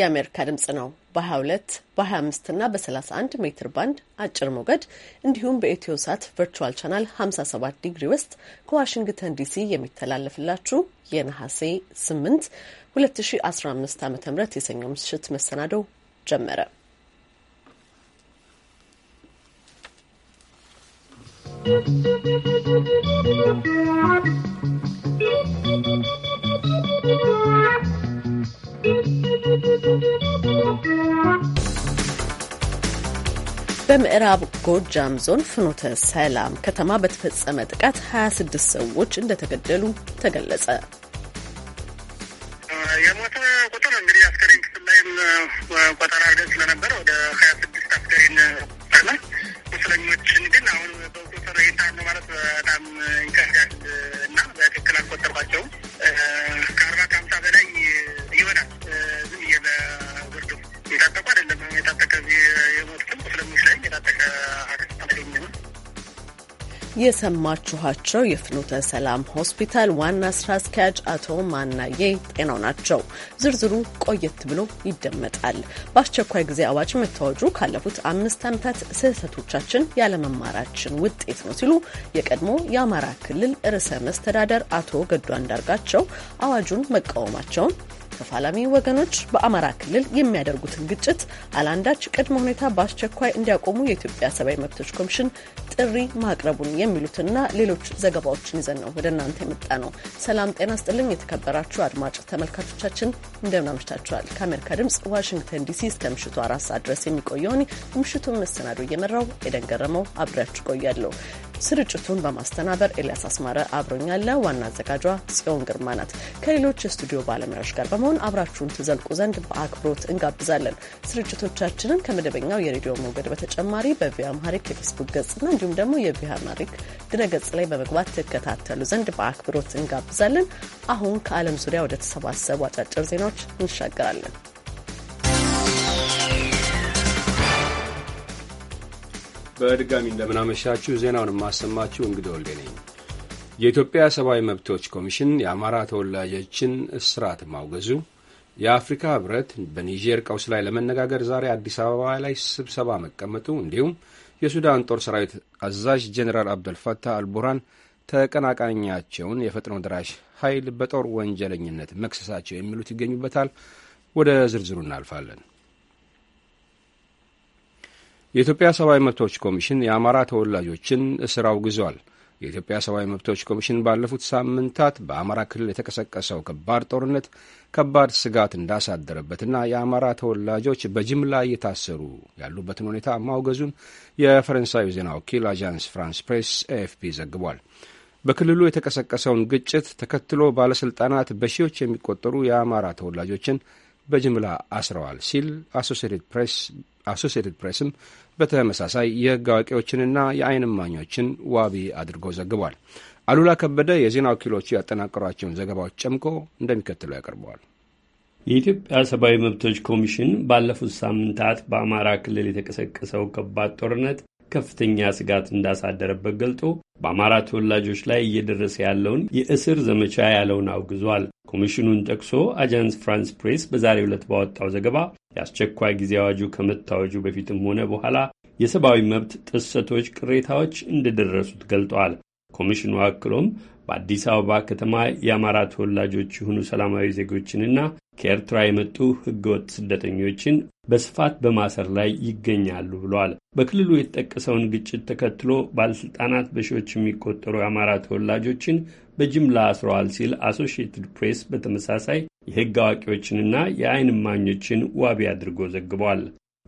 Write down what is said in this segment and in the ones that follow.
የአሜሪካ ድምጽ ነው። በ22 በ25 እና በ31 ሜትር ባንድ አጭር ሞገድ እንዲሁም በኢትዮ ሳት ቨርቹዋል ቻናል 57 ዲግሪ ውስጥ ከዋሽንግተን ዲሲ የሚተላለፍላችሁ የነሐሴ 8 2015 ዓ ም የሰኞ ምሽት መሰናደው ጀመረ። ¶¶ በምዕራብ ጎጃም ዞን ፍኖተ ሰላም ከተማ በተፈጸመ ጥቃት 26 ሰዎች እንደተገደሉ ተገለጸ። የሞተ ቁጥር እንግዲህ አስከሬን ክፍል ላይም ቆጠራ አድርገን ስለነበር ወደ 26 አስከሬን ነ ቁስለኞችን ግን አሁን በቁጥር ይታነ ማለት በጣም ይከብዳል እና በትክክል አልቆጠርኳቸውም። የሰማችኋቸው የፍኖተ ሰላም ሆስፒታል ዋና ስራ አስኪያጅ አቶ ማናዬ ጤናው ናቸው። ዝርዝሩ ቆየት ብሎ ይደመጣል። በአስቸኳይ ጊዜ አዋጅ መታወጁ ካለፉት አምስት ዓመታት ስህተቶቻችን ያለመማራችን ውጤት ነው ሲሉ የቀድሞ የአማራ ክልል ርዕሰ መስተዳደር አቶ ገዱ አንዳርጋቸው አዋጁን መቃወማቸውን ተፋላሚ ወገኖች በአማራ ክልል የሚያደርጉትን ግጭት አላንዳች ቅድመ ሁኔታ በአስቸኳይ እንዲያቆሙ የኢትዮጵያ ሰብአዊ መብቶች ኮሚሽን ጥሪ ማቅረቡን የሚሉትና ሌሎች ዘገባዎችን ይዘን ነው ወደ እናንተ የመጣ ነው። ሰላም ጤና ስጥልኝ። የተከበራችሁ አድማጭ ተመልካቾቻችን እንደምን አምሽታችኋል? ከአሜሪካ ድምጽ ዋሽንግተን ዲሲ እስከ ምሽቱ አራት ሰዓት ድረስ የሚቆየውን ምሽቱን መሰናዶ እየመራው ኤደን ገረመው አብሬያችሁ ቆያለሁ። ስርጭቱን በማስተናበር ኤልያስ አስማረ አብሮኛለ። ዋና አዘጋጇ ጽዮን ግርማ ናት። ከሌሎች የስቱዲዮ ባለሙያዎች ጋር በመሆን አብራችሁን ትዘልቁ ዘንድ በአክብሮት እንጋብዛለን። ስርጭቶቻችንን ከመደበኛው የሬዲዮ ሞገድ በተጨማሪ በቪ አማርኛ የፌስቡክ ገጽና እንዲሁም ደግሞ የቪኦኤ አማርኛ ድረገጽ ላይ በመግባት ትከታተሉ ዘንድ በአክብሮት እንጋብዛለን። አሁን ከዓለም ዙሪያ ወደ ተሰባሰቡ አጫጭር ዜናዎች እንሻገራለን። በድጋሚ እንደምናመሻችሁ ዜናውን የማሰማችሁ እንግዲ ወልዴ ነኝ። የኢትዮጵያ ሰብአዊ መብቶች ኮሚሽን የአማራ ተወላጆችን እስራት ማውገዙ፣ የአፍሪካ ህብረት በኒጀር ቀውስ ላይ ለመነጋገር ዛሬ አዲስ አበባ ላይ ስብሰባ መቀመጡ፣ እንዲሁም የሱዳን ጦር ሰራዊት አዛዥ ጀኔራል አብደልፈታህ አልቡራን ተቀናቃኛቸውን የፈጥኖ ደራሽ ኃይል በጦር ወንጀለኝነት መክሰሳቸው የሚሉት ይገኙበታል። ወደ ዝርዝሩ እናልፋለን። የኢትዮጵያ ሰብአዊ መብቶች ኮሚሽን የአማራ ተወላጆችን እስር አውግዟል። የኢትዮጵያ ሰብአዊ መብቶች ኮሚሽን ባለፉት ሳምንታት በአማራ ክልል የተቀሰቀሰው ከባድ ጦርነት ከባድ ስጋት እንዳሳደረበትና የአማራ ተወላጆች በጅምላ እየታሰሩ ያሉበትን ሁኔታ ማውገዙን የፈረንሳዩ ዜና ወኪል አጃንስ ፍራንስ ፕሬስ ኤኤፍፒ ዘግቧል። በክልሉ የተቀሰቀሰውን ግጭት ተከትሎ ባለሥልጣናት በሺዎች የሚቆጠሩ የአማራ ተወላጆችን በጅምላ አስረዋል ሲል አሶሴትድ ፕሬስ አሶሲየትድ ፕሬስም በተመሳሳይ የህግ አዋቂዎችንና የአይን እማኞችን ዋቢ አድርጎ ዘግቧል። አሉላ ከበደ የዜና ወኪሎቹ ያጠናቀሯቸውን ዘገባዎች ጨምቆ እንደሚከተለው ያቀርበዋል። የኢትዮጵያ ሰብአዊ መብቶች ኮሚሽን ባለፉት ሳምንታት በአማራ ክልል የተቀሰቀሰው ከባድ ጦርነት ከፍተኛ ስጋት እንዳሳደረበት ገልጦ በአማራ ተወላጆች ላይ እየደረሰ ያለውን የእስር ዘመቻ ያለውን አውግዟል። ኮሚሽኑን ጠቅሶ አጃንስ ፍራንስ ፕሬስ በዛሬ ዕለት ባወጣው ዘገባ የአስቸኳይ ጊዜ አዋጁ ከመታወጁ በፊትም ሆነ በኋላ የሰብአዊ መብት ጥሰቶች፣ ቅሬታዎች እንደደረሱት ገልጠዋል። ኮሚሽኑ አክሎም በአዲስ አበባ ከተማ የአማራ ተወላጆች የሆኑ ሰላማዊ ዜጎችንና ከኤርትራ የመጡ ሕገወጥ ስደተኞችን በስፋት በማሰር ላይ ይገኛሉ ብሏል። በክልሉ የተጠቀሰውን ግጭት ተከትሎ ባለሥልጣናት በሺዎች የሚቆጠሩ የአማራ ተወላጆችን በጅምላ አስረዋል ሲል አሶሺየትድ ፕሬስ በተመሳሳይ የሕግ አዋቂዎችንና የዓይን እማኞችን ዋቢ አድርጎ ዘግቧል።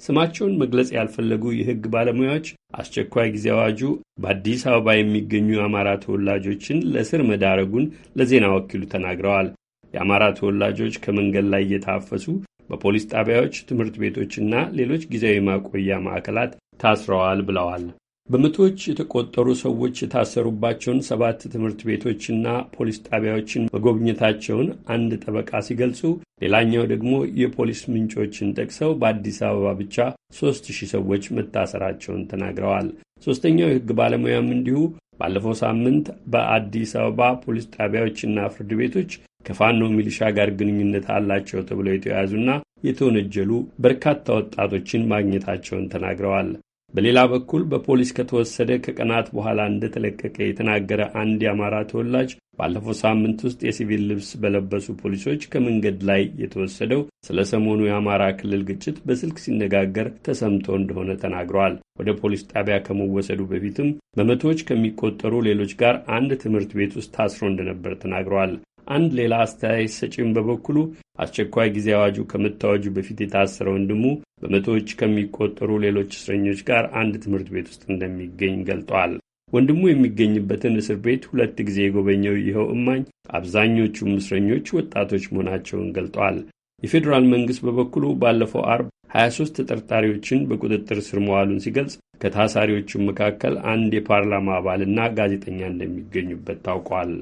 ስማቸውን መግለጽ ያልፈለጉ የሕግ ባለሙያዎች አስቸኳይ ጊዜ አዋጁ በአዲስ አበባ የሚገኙ የአማራ ተወላጆችን ለስር መዳረጉን ለዜና ወኪሉ ተናግረዋል። የአማራ ተወላጆች ከመንገድ ላይ እየታፈሱ በፖሊስ ጣቢያዎች፣ ትምህርት ቤቶችና ሌሎች ጊዜያዊ ማቆያ ማዕከላት ታስረዋል ብለዋል። በመቶዎች የተቆጠሩ ሰዎች የታሰሩባቸውን ሰባት ትምህርት ቤቶችና ፖሊስ ጣቢያዎችን መጎብኘታቸውን አንድ ጠበቃ ሲገልጹ፣ ሌላኛው ደግሞ የፖሊስ ምንጮችን ጠቅሰው በአዲስ አበባ ብቻ ሶስት ሺህ ሰዎች መታሰራቸውን ተናግረዋል። ሦስተኛው የሕግ ባለሙያም እንዲሁ ባለፈው ሳምንት በአዲስ አበባ ፖሊስ ጣቢያዎችና ፍርድ ቤቶች ከፋኖ ሚሊሻ ጋር ግንኙነት አላቸው ተብለው የተያዙና የተወነጀሉ በርካታ ወጣቶችን ማግኘታቸውን ተናግረዋል። በሌላ በኩል በፖሊስ ከተወሰደ ከቀናት በኋላ እንደተለቀቀ የተናገረ አንድ የአማራ ተወላጅ ባለፈው ሳምንት ውስጥ የሲቪል ልብስ በለበሱ ፖሊሶች ከመንገድ ላይ የተወሰደው ስለ ሰሞኑ የአማራ ክልል ግጭት በስልክ ሲነጋገር ተሰምቶ እንደሆነ ተናግረዋል። ወደ ፖሊስ ጣቢያ ከመወሰዱ በፊትም በመቶዎች ከሚቆጠሩ ሌሎች ጋር አንድ ትምህርት ቤት ውስጥ ታስሮ እንደነበር ተናግረዋል። አንድ ሌላ አስተያየት ሰጪም በበኩሉ አስቸኳይ ጊዜ አዋጁ ከመታወጁ በፊት የታሰረ ወንድሙ በመቶዎች ከሚቆጠሩ ሌሎች እስረኞች ጋር አንድ ትምህርት ቤት ውስጥ እንደሚገኝ ገልጧል። ወንድሙ የሚገኝበትን እስር ቤት ሁለት ጊዜ የጎበኘው ይኸው እማኝ አብዛኞቹም እስረኞች ወጣቶች መሆናቸውን ገልጧል። የፌዴራል መንግሥት በበኩሉ ባለፈው አርብ 23 ተጠርጣሪዎችን በቁጥጥር ስር መዋሉን ሲገልጽ ከታሳሪዎቹም መካከል አንድ የፓርላማ አባልና ጋዜጠኛ እንደሚገኙበት ታውቋል።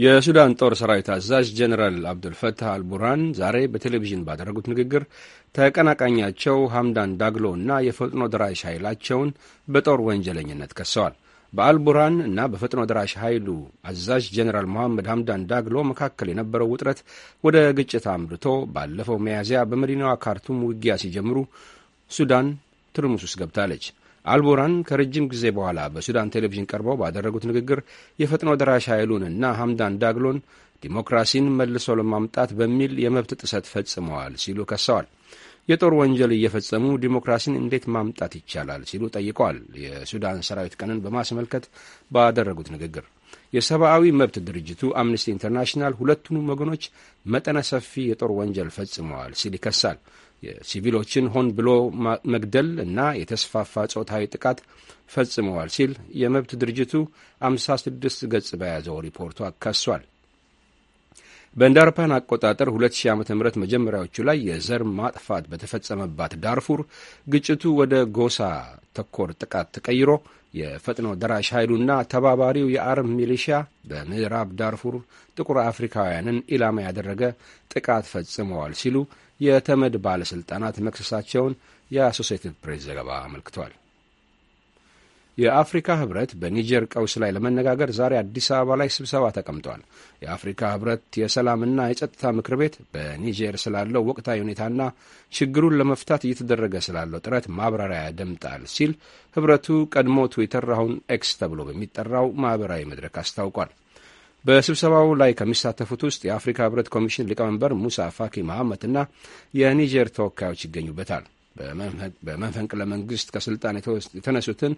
የሱዳን ጦር ሰራዊት አዛዥ ጀኔራል አብዱልፈታህ አልቡርሃን ዛሬ በቴሌቪዥን ባደረጉት ንግግር ተቀናቃኛቸው ሐምዳን ዳግሎ እና የፈጥኖ ደራሽ ኃይላቸውን በጦር ወንጀለኝነት ከሰዋል። በአልቡርሃን እና በፈጥኖ ደራሽ ኃይሉ አዛዥ ጀኔራል መሐመድ ሐምዳን ዳግሎ መካከል የነበረው ውጥረት ወደ ግጭት አምርቶ ባለፈው መያዝያ በመዲናዋ ካርቱም ውጊያ ሲጀምሩ ሱዳን ትርምስ ውስጥ ገብታለች። አልቦራን ከረጅም ጊዜ በኋላ በሱዳን ቴሌቪዥን ቀርበው ባደረጉት ንግግር የፈጥኖ ደራሽ ኃይሉን እና ሐምዳን ዳግሎን ዲሞክራሲን መልሶ ለማምጣት በሚል የመብት ጥሰት ፈጽመዋል ሲሉ ከሰዋል። የጦር ወንጀል እየፈጸሙ ዲሞክራሲን እንዴት ማምጣት ይቻላል ሲሉ ጠይቀዋል። የሱዳን ሰራዊት ቀንን በማስመልከት ባደረጉት ንግግር የሰብአዊ መብት ድርጅቱ አምነስቲ ኢንተርናሽናል ሁለቱንም ወገኖች መጠነ ሰፊ የጦር ወንጀል ፈጽመዋል ሲል ይከሳል። ሲቪሎችን ሆን ብሎ መግደል እና የተስፋፋ ጾታዊ ጥቃት ፈጽመዋል ሲል የመብት ድርጅቱ 56 ገጽ በያዘው ሪፖርቱ አካሷል። በእንደ አቆጣጠር 2000 ዓ ም መጀመሪያዎቹ ላይ የዘር ማጥፋት በተፈጸመባት ዳርፉር ግጭቱ ወደ ጎሳ ተኮር ጥቃት ተቀይሮ የፈጥኖ ደራሽ ኃይሉና ተባባሪው የአረብ ሚሊሺያ በምዕራብ ዳርፉር ጥቁር አፍሪካውያንን ኢላማ ያደረገ ጥቃት ፈጽመዋል ሲሉ የተመድ ባለሥልጣናት መክሰሳቸውን የአሶሴትድ ፕሬስ ዘገባ አመልክቷል። የአፍሪካ ህብረት በኒጀር ቀውስ ላይ ለመነጋገር ዛሬ አዲስ አበባ ላይ ስብሰባ ተቀምጧል። የአፍሪካ ህብረት የሰላምና የጸጥታ ምክር ቤት በኒጀር ስላለው ወቅታዊ ሁኔታና ችግሩን ለመፍታት እየተደረገ ስላለው ጥረት ማብራሪያ ያደምጣል ሲል ህብረቱ ቀድሞ ትዊተር አሁን ኤክስ ተብሎ በሚጠራው ማኅበራዊ መድረክ አስታውቋል። በስብሰባው ላይ ከሚሳተፉት ውስጥ የአፍሪካ ህብረት ኮሚሽን ሊቀመንበር ሙሳ ፋኪ መሐመትና የኒጀር ተወካዮች ይገኙበታል። በመፈንቅለ መንግስት ከስልጣን የተነሱትን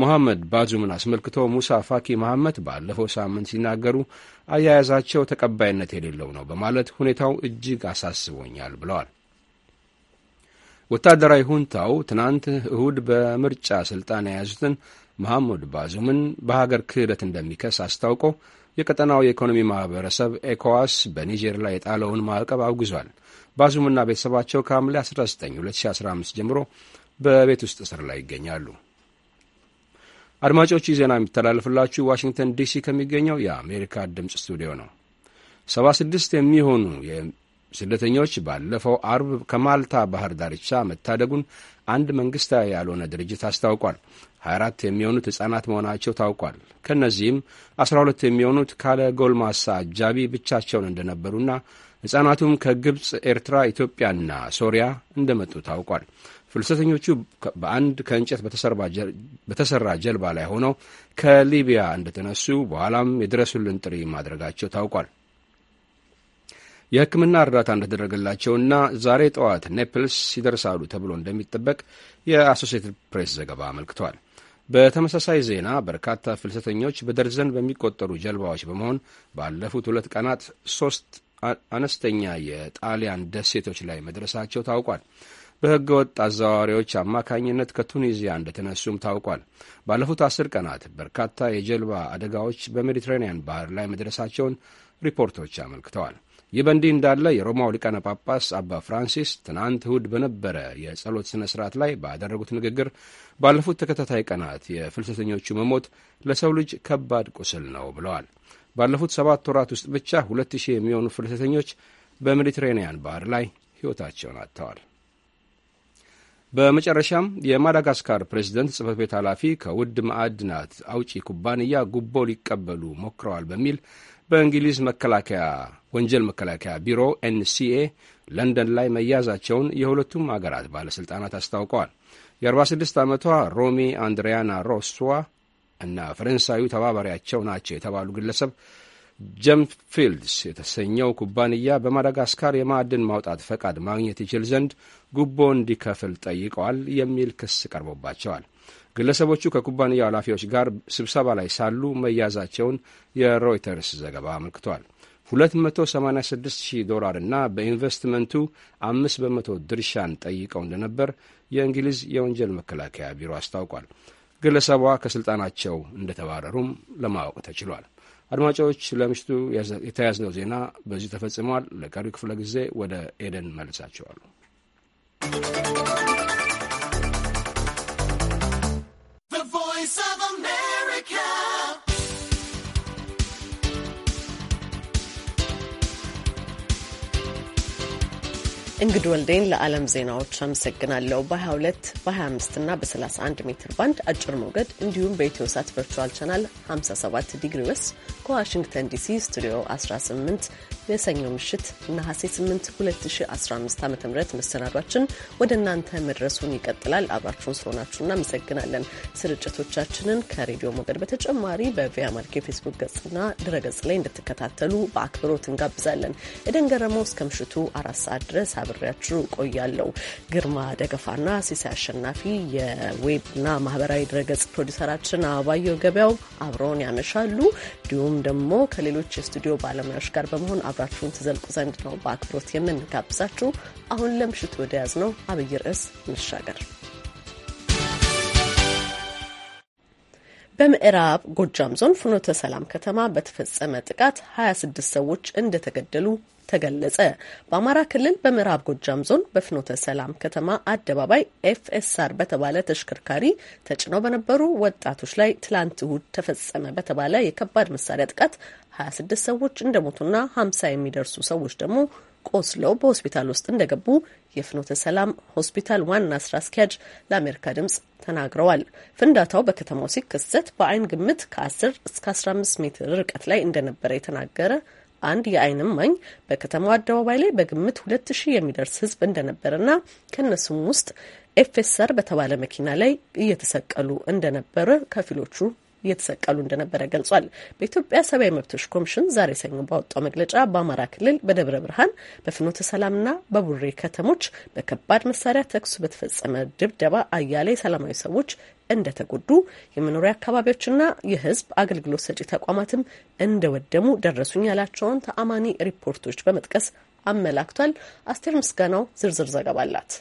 ሞሐመድ ባዙምን አስመልክቶ ሙሳ ፋኪ መሐመድ ባለፈው ሳምንት ሲናገሩ አያያዛቸው ተቀባይነት የሌለው ነው በማለት ሁኔታው እጅግ አሳስቦኛል ብለዋል። ወታደራዊ ሁንታው ትናንት እሁድ በምርጫ ስልጣን የያዙትን መሐሙድ ባዙምን በሀገር ክህደት እንደሚከስ አስታውቆ የቀጠናው የኢኮኖሚ ማኅበረሰብ ኤኮዋስ በኒጀር ላይ የጣለውን ማዕቀብ አውግዟል። ባዙምና ቤተሰባቸው ከሐምሌ 19 2015 ጀምሮ በቤት ውስጥ እስር ላይ ይገኛሉ። አድማጮቹ ዜና የሚተላለፍላችሁ ዋሽንግተን ዲሲ ከሚገኘው የአሜሪካ ድምፅ ስቱዲዮ ነው። ሰባ ስድስት የሚሆኑ ስደተኞች ባለፈው አርብ ከማልታ ባህር ዳርቻ መታደጉን አንድ መንግሥታዊ ያልሆነ ድርጅት አስታውቋል። 24 የሚሆኑት ሕፃናት መሆናቸው ታውቋል። ከእነዚህም 12 የሚሆኑት ካለ ጎልማሳ አጃቢ ብቻቸውን እንደነበሩና ሕፃናቱም ከግብፅ፣ ኤርትራ፣ ኢትዮጵያና ሶሪያ እንደመጡ ታውቋል። ፍልሰተኞቹ በአንድ ከእንጨት በተሰራ ጀልባ ላይ ሆነው ከሊቢያ እንደተነሱ በኋላም የድረሱልን ጥሪ ማድረጋቸው ታውቋል። የሕክምና እርዳታ እንደተደረገላቸውና ዛሬ ጠዋት ኔፕልስ ይደርሳሉ ተብሎ እንደሚጠበቅ የአሶሴትድ ፕሬስ ዘገባ አመልክቷል። በተመሳሳይ ዜና በርካታ ፍልሰተኞች በደርዘን በሚቆጠሩ ጀልባዎች በመሆን ባለፉት ሁለት ቀናት ሶስት አነስተኛ የጣሊያን ደሴቶች ላይ መድረሳቸው ታውቋል። በሕገ ወጥ አዘዋዋሪዎች አማካኝነት ከቱኒዚያ እንደተነሱም ታውቋል። ባለፉት አስር ቀናት በርካታ የጀልባ አደጋዎች በሜዲትራኒያን ባህር ላይ መድረሳቸውን ሪፖርቶች አመልክተዋል። ይህ በእንዲህ እንዳለ የሮማው ሊቃነ ጳጳስ አባ ፍራንሲስ ትናንት እሁድ በነበረ የጸሎት ሥነ ሥርዓት ላይ ባደረጉት ንግግር ባለፉት ተከታታይ ቀናት የፍልሰተኞቹ መሞት ለሰው ልጅ ከባድ ቁስል ነው ብለዋል። ባለፉት ሰባት ወራት ውስጥ ብቻ ሁለት ሺህ የሚሆኑ ፍልሰተኞች በሜዲትሬንያን ባህር ላይ ሕይወታቸውን አጥተዋል። በመጨረሻም የማዳጋስካር ፕሬዚደንት ጽህፈት ቤት ኃላፊ ከውድ ማዕድናት አውጪ ኩባንያ ጉቦ ሊቀበሉ ሞክረዋል በሚል በእንግሊዝ መከላከያ ወንጀል መከላከያ ቢሮ ኤንሲኤ ለንደን ላይ መያዛቸውን የሁለቱም አገራት ባለሥልጣናት አስታውቀዋል። የ46 ዓመቷ ሮሚ አንድሪያና ሮስዋ እና ፈረንሳዩ ተባባሪያቸው ናቸው የተባሉ ግለሰብ ጀምፊልድስ የተሰኘው ኩባንያ በማዳጋስካር የማዕድን ማውጣት ፈቃድ ማግኘት ይችል ዘንድ ጉቦ እንዲከፍል ጠይቀዋል የሚል ክስ ቀርቦባቸዋል። ግለሰቦቹ ከኩባንያው ኃላፊዎች ጋር ስብሰባ ላይ ሳሉ መያዛቸውን የሮይተርስ ዘገባ አመልክቷል። 286,000 ዶላር እና በኢንቨስትመንቱ 5 በመቶ ድርሻን ጠይቀው እንደነበር የእንግሊዝ የወንጀል መከላከያ ቢሮ አስታውቋል። ግለሰቧ ከሥልጣናቸው እንደተባረሩም ለማወቅ ተችሏል። አድማጮች፣ ለምሽቱ የተያዝነው ዜና በዚህ ተፈጽሟል። ለቀሪው ክፍለ ጊዜ ወደ ኤደን መልሳቸዋሉ። እንግድ ወልዴን ለዓለም ዜናዎች አመሰግናለሁ። በ22 በ25 እና በ31 ሜትር ባንድ አጭር ሞገድ እንዲሁም በኢትዮ ሳት ቨርቹዋል ቻናል 57 ዲግሪ ወስ ከዋሽንግተን ዲሲ ስቱዲዮ 18 የሰኞ ምሽት ነሐሴ 8 2015 ዓ ም መሰናዷችን ወደ እናንተ መድረሱን ይቀጥላል። አብራችሁን ስለሆናችሁ እናመሰግናለን። ስርጭቶቻችንን ከሬዲዮ ሞገድ በተጨማሪ በቪያ ማርክ የፌስቡክ ገጽና ድረገጽ ላይ እንድትከታተሉ በአክብሮት እንጋብዛለን። ኤደን ገረመው እስከ ምሽቱ አራት ሰዓት ድረስ አብሬያችሁ ቆያለሁ። ግርማ ደገፋና ሲሳይ አሸናፊ የዌብና ማህበራዊ ድረገጽ ፕሮዲሰራችን አባየው ገበያው አብረውን ያመሻሉ። እንዲሁም እንዲሁም ደግሞ ከሌሎች የስቱዲዮ ባለሙያዎች ጋር በመሆን አብራችሁን ትዘልቁ ዘንድ ነው በአክብሮት የምንጋብዛችሁ። አሁን ለምሽቱ ወደ ያዝ ነው አብይ ርዕስ እንሻገር። በምዕራብ ጎጃም ዞን ፍኖተ ሰላም ከተማ በተፈጸመ ጥቃት 26 ሰዎች እንደተገደሉ ተገለጸ። በአማራ ክልል በምዕራብ ጎጃም ዞን በፍኖተ ሰላም ከተማ አደባባይ ኤፍኤስአር በተባለ ተሽከርካሪ ተጭነው በነበሩ ወጣቶች ላይ ትላንት እሁድ ተፈጸመ በተባለ የከባድ መሳሪያ ጥቃት 26 ሰዎች እንደሞቱና 50 የሚደርሱ ሰዎች ደግሞ ቆስለው በሆስፒታል ውስጥ እንደገቡ የፍኖተ ሰላም ሆስፒታል ዋና ስራ አስኪያጅ ለአሜሪካ ድምጽ ተናግረዋል። ፍንዳታው በከተማው ሲከሰት በአይን ግምት ከ10 እስከ 15 ሜትር ርቀት ላይ እንደነበረ የተናገረ አንድ የአይን እማኝ በከተማው አደባባይ ላይ በግምት ሁለት ሺህ የሚደርስ ህዝብ እንደነበረና ከእነሱም ውስጥ ኤፌሰር በተባለ መኪና ላይ እየተሰቀሉ እንደነበረ ከፊሎቹ እየተሰቀሉ እንደነበረ ገልጿል። በኢትዮጵያ ሰብአዊ መብቶች ኮሚሽን ዛሬ ሰኞ ባወጣው መግለጫ በአማራ ክልል በደብረ ብርሃን፣ በፍኖተ ሰላምና በቡሬ ከተሞች በከባድ መሳሪያ ተኩስ በተፈጸመ ድብደባ አያሌ ሰላማዊ ሰዎች እንደተጎዱ የመኖሪያ አካባቢዎችና የህዝብ አገልግሎት ሰጪ ተቋማትም እንደወደሙ ደረሱኝ ያላቸውን ተአማኒ ሪፖርቶች በመጥቀስ አመላክቷል። አስቴር ምስጋናው ዝርዝር ዘገባ አላት።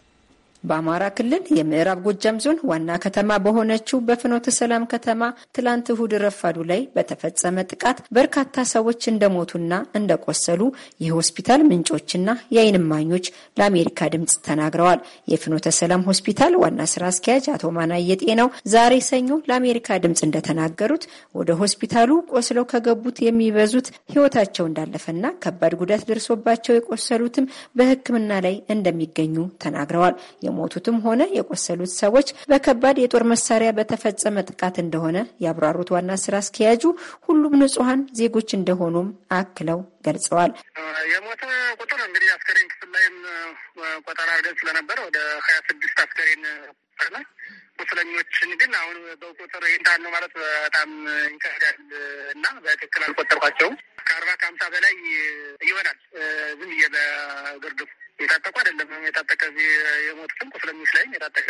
በአማራ ክልል የምዕራብ ጎጃም ዞን ዋና ከተማ በሆነችው በፍኖተ ሰላም ከተማ ትላንት እሁድ ረፋዱ ላይ በተፈጸመ ጥቃት በርካታ ሰዎች እንደሞቱና እንደቆሰሉ የሆስፒታል ምንጮችና የዓይን እማኞች ለአሜሪካ ድምፅ ተናግረዋል። የፍኖተ ሰላም ሆስፒታል ዋና ስራ አስኪያጅ አቶ ማናየ ጤናው ዛሬ ሰኞ ለአሜሪካ ድምፅ እንደተናገሩት ወደ ሆስፒታሉ ቆስለው ከገቡት የሚበዙት ሕይወታቸው እንዳለፈና ከባድ ጉዳት ደርሶባቸው የቆሰሉትም በሕክምና ላይ እንደሚገኙ ተናግረዋል። የሞቱትም ሆነ የቆሰሉት ሰዎች በከባድ የጦር መሳሪያ በተፈጸመ ጥቃት እንደሆነ ያብራሩት ዋና ስራ አስኪያጁ ሁሉም ንጹሐን ዜጎች እንደሆኑም አክለው ገልጸዋል። የሞተ ቁጥር እንግዲህ አስከሬን ክፍል ላይም ቆጠራ አድርገን ስለነበረ ወደ ሀያ ስድስት አስከሬን ቁስለኞችን ግን አሁን በቁጥር ይንታል ነው ማለት በጣም ይከብዳል እና በትክክል አልቆጠርኳቸውም። ከአርባ ከሀምሳ በላይ ይሆናል ዝም ብዬ በግርድፉ የታጠቁ አይደለም የታጠቀ የሞቱትም ቁስለኞች ላይም የታጠቀ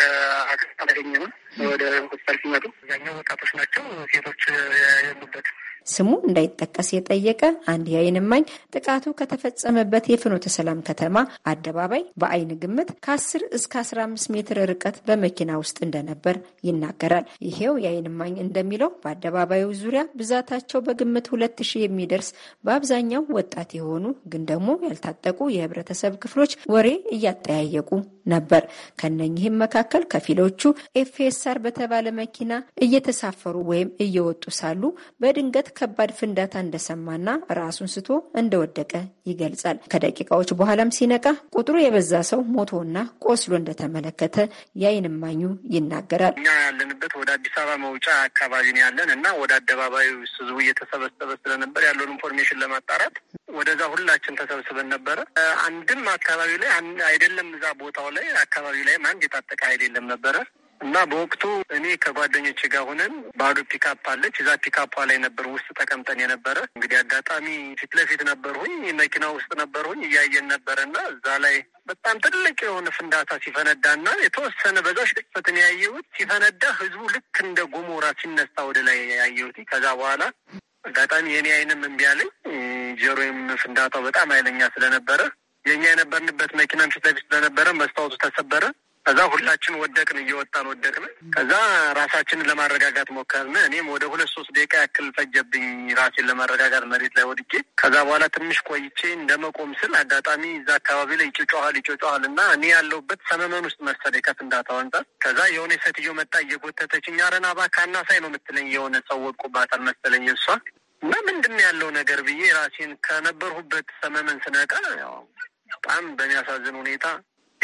አካል አላገኘሁም። ወደ ሆስፒታል ሲመጡ እዛኛው ወጣቶች ናቸው፣ ሴቶች የሉበት ስሙ እንዳይጠቀስ የጠየቀ አንድ የአይንማኝ እማኝ ጥቃቱ ከተፈጸመበት የፍኖተ ሰላም ከተማ አደባባይ በአይን ግምት ከ10 እስከ 15 ሜትር ርቀት በመኪና ውስጥ እንደነበር ይናገራል። ይሄው የአይንማኝ እማኝ እንደሚለው በአደባባዩ ዙሪያ ብዛታቸው በግምት ሁለት የሚደርስ በአብዛኛው ወጣት የሆኑ ግን ደግሞ ያልታጠቁ የህብረተሰብ ክፍሎች ወሬ እያጠያየቁ ነበር። ከነኚህም መካከል ከፊሎቹ ኤፍኤስአር በተባለ መኪና እየተሳፈሩ ወይም እየወጡ ሳሉ በድንገት ከባድ ፍንዳታ እንደሰማና ራሱን ስቶ እንደወደቀ ይገልጻል። ከደቂቃዎች በኋላም ሲነቃ ቁጥሩ የበዛ ሰው ሞቶና ቆስሎ እንደተመለከተ የዓይን እማኙ ይናገራል። እኛ ያለንበት ወደ አዲስ አበባ መውጫ አካባቢ ነው ያለን እና ወደ አደባባዩ ህዝቡ እየተሰበሰበ ስለነበር ያለውን ኢንፎርሜሽን ለማጣራት ወደዛ ሁላችን ተሰብስበን ነበረ። አንድም አካባቢ ላይ አይደለም እዛ ቦታው ላይ አካባቢ ላይም አንድ የታጠቀ ኃይል የለም ነበረ። እና በወቅቱ እኔ ከጓደኞች ጋር ሆነን ባዶ ፒካፕ አለች። እዛ ፒካፓ ላይ ነበር ውስጥ ተቀምጠን የነበረ። እንግዲህ አጋጣሚ ፊት ለፊት ነበርሁኝ፣ መኪና ውስጥ ነበርሁኝ፣ እያየን ነበረ እና እዛ ላይ በጣም ትልቅ የሆነ ፍንዳታ ሲፈነዳ እና የተወሰነ በዛች ቅጽበትን ያየሁት ሲፈነዳ ህዝቡ ልክ እንደ ጎሞራ ሲነሳ ወደ ላይ ያየሁት። ከዛ በኋላ አጋጣሚ የኔ አይንም እምቢ አለኝ፣ ጆሮዬም ፍንዳታው በጣም ኃይለኛ ስለነበረ የእኛ የነበርንበት መኪናም ፊት ለፊት ስለነበረ መስታወቱ ተሰበረ። ከዛ ሁላችን ወደቅን፣ እየወጣን ወደቅን። ከዛ ራሳችንን ለማረጋጋት ሞከርን። እኔም ወደ ሁለት ሶስት ደቂቃ ያክል ፈጀብኝ ራሴን ለማረጋጋት መሬት ላይ ወድቄ። ከዛ በኋላ ትንሽ ቆይቼ እንደ መቆም ስል አጋጣሚ እዛ አካባቢ ላይ ይጮጮሃል ይጮጮሃል እና እኔ ያለሁበት ሰመመን ውስጥ መሰለኝ ከፍንዳታው አንጻር። ከዛ የሆነ ሴትዮ መጣ እየጎተተችኝ፣ አረና እባክህ አናሳይ ነው የምትለኝ። የሆነ ሰው ወድቁባታል መሰለኝ እሷ እና ምንድን ያለው ነገር ብዬ ራሴን ከነበርሁበት ሰመመን ስነቃ በጣም በሚያሳዝን ሁኔታ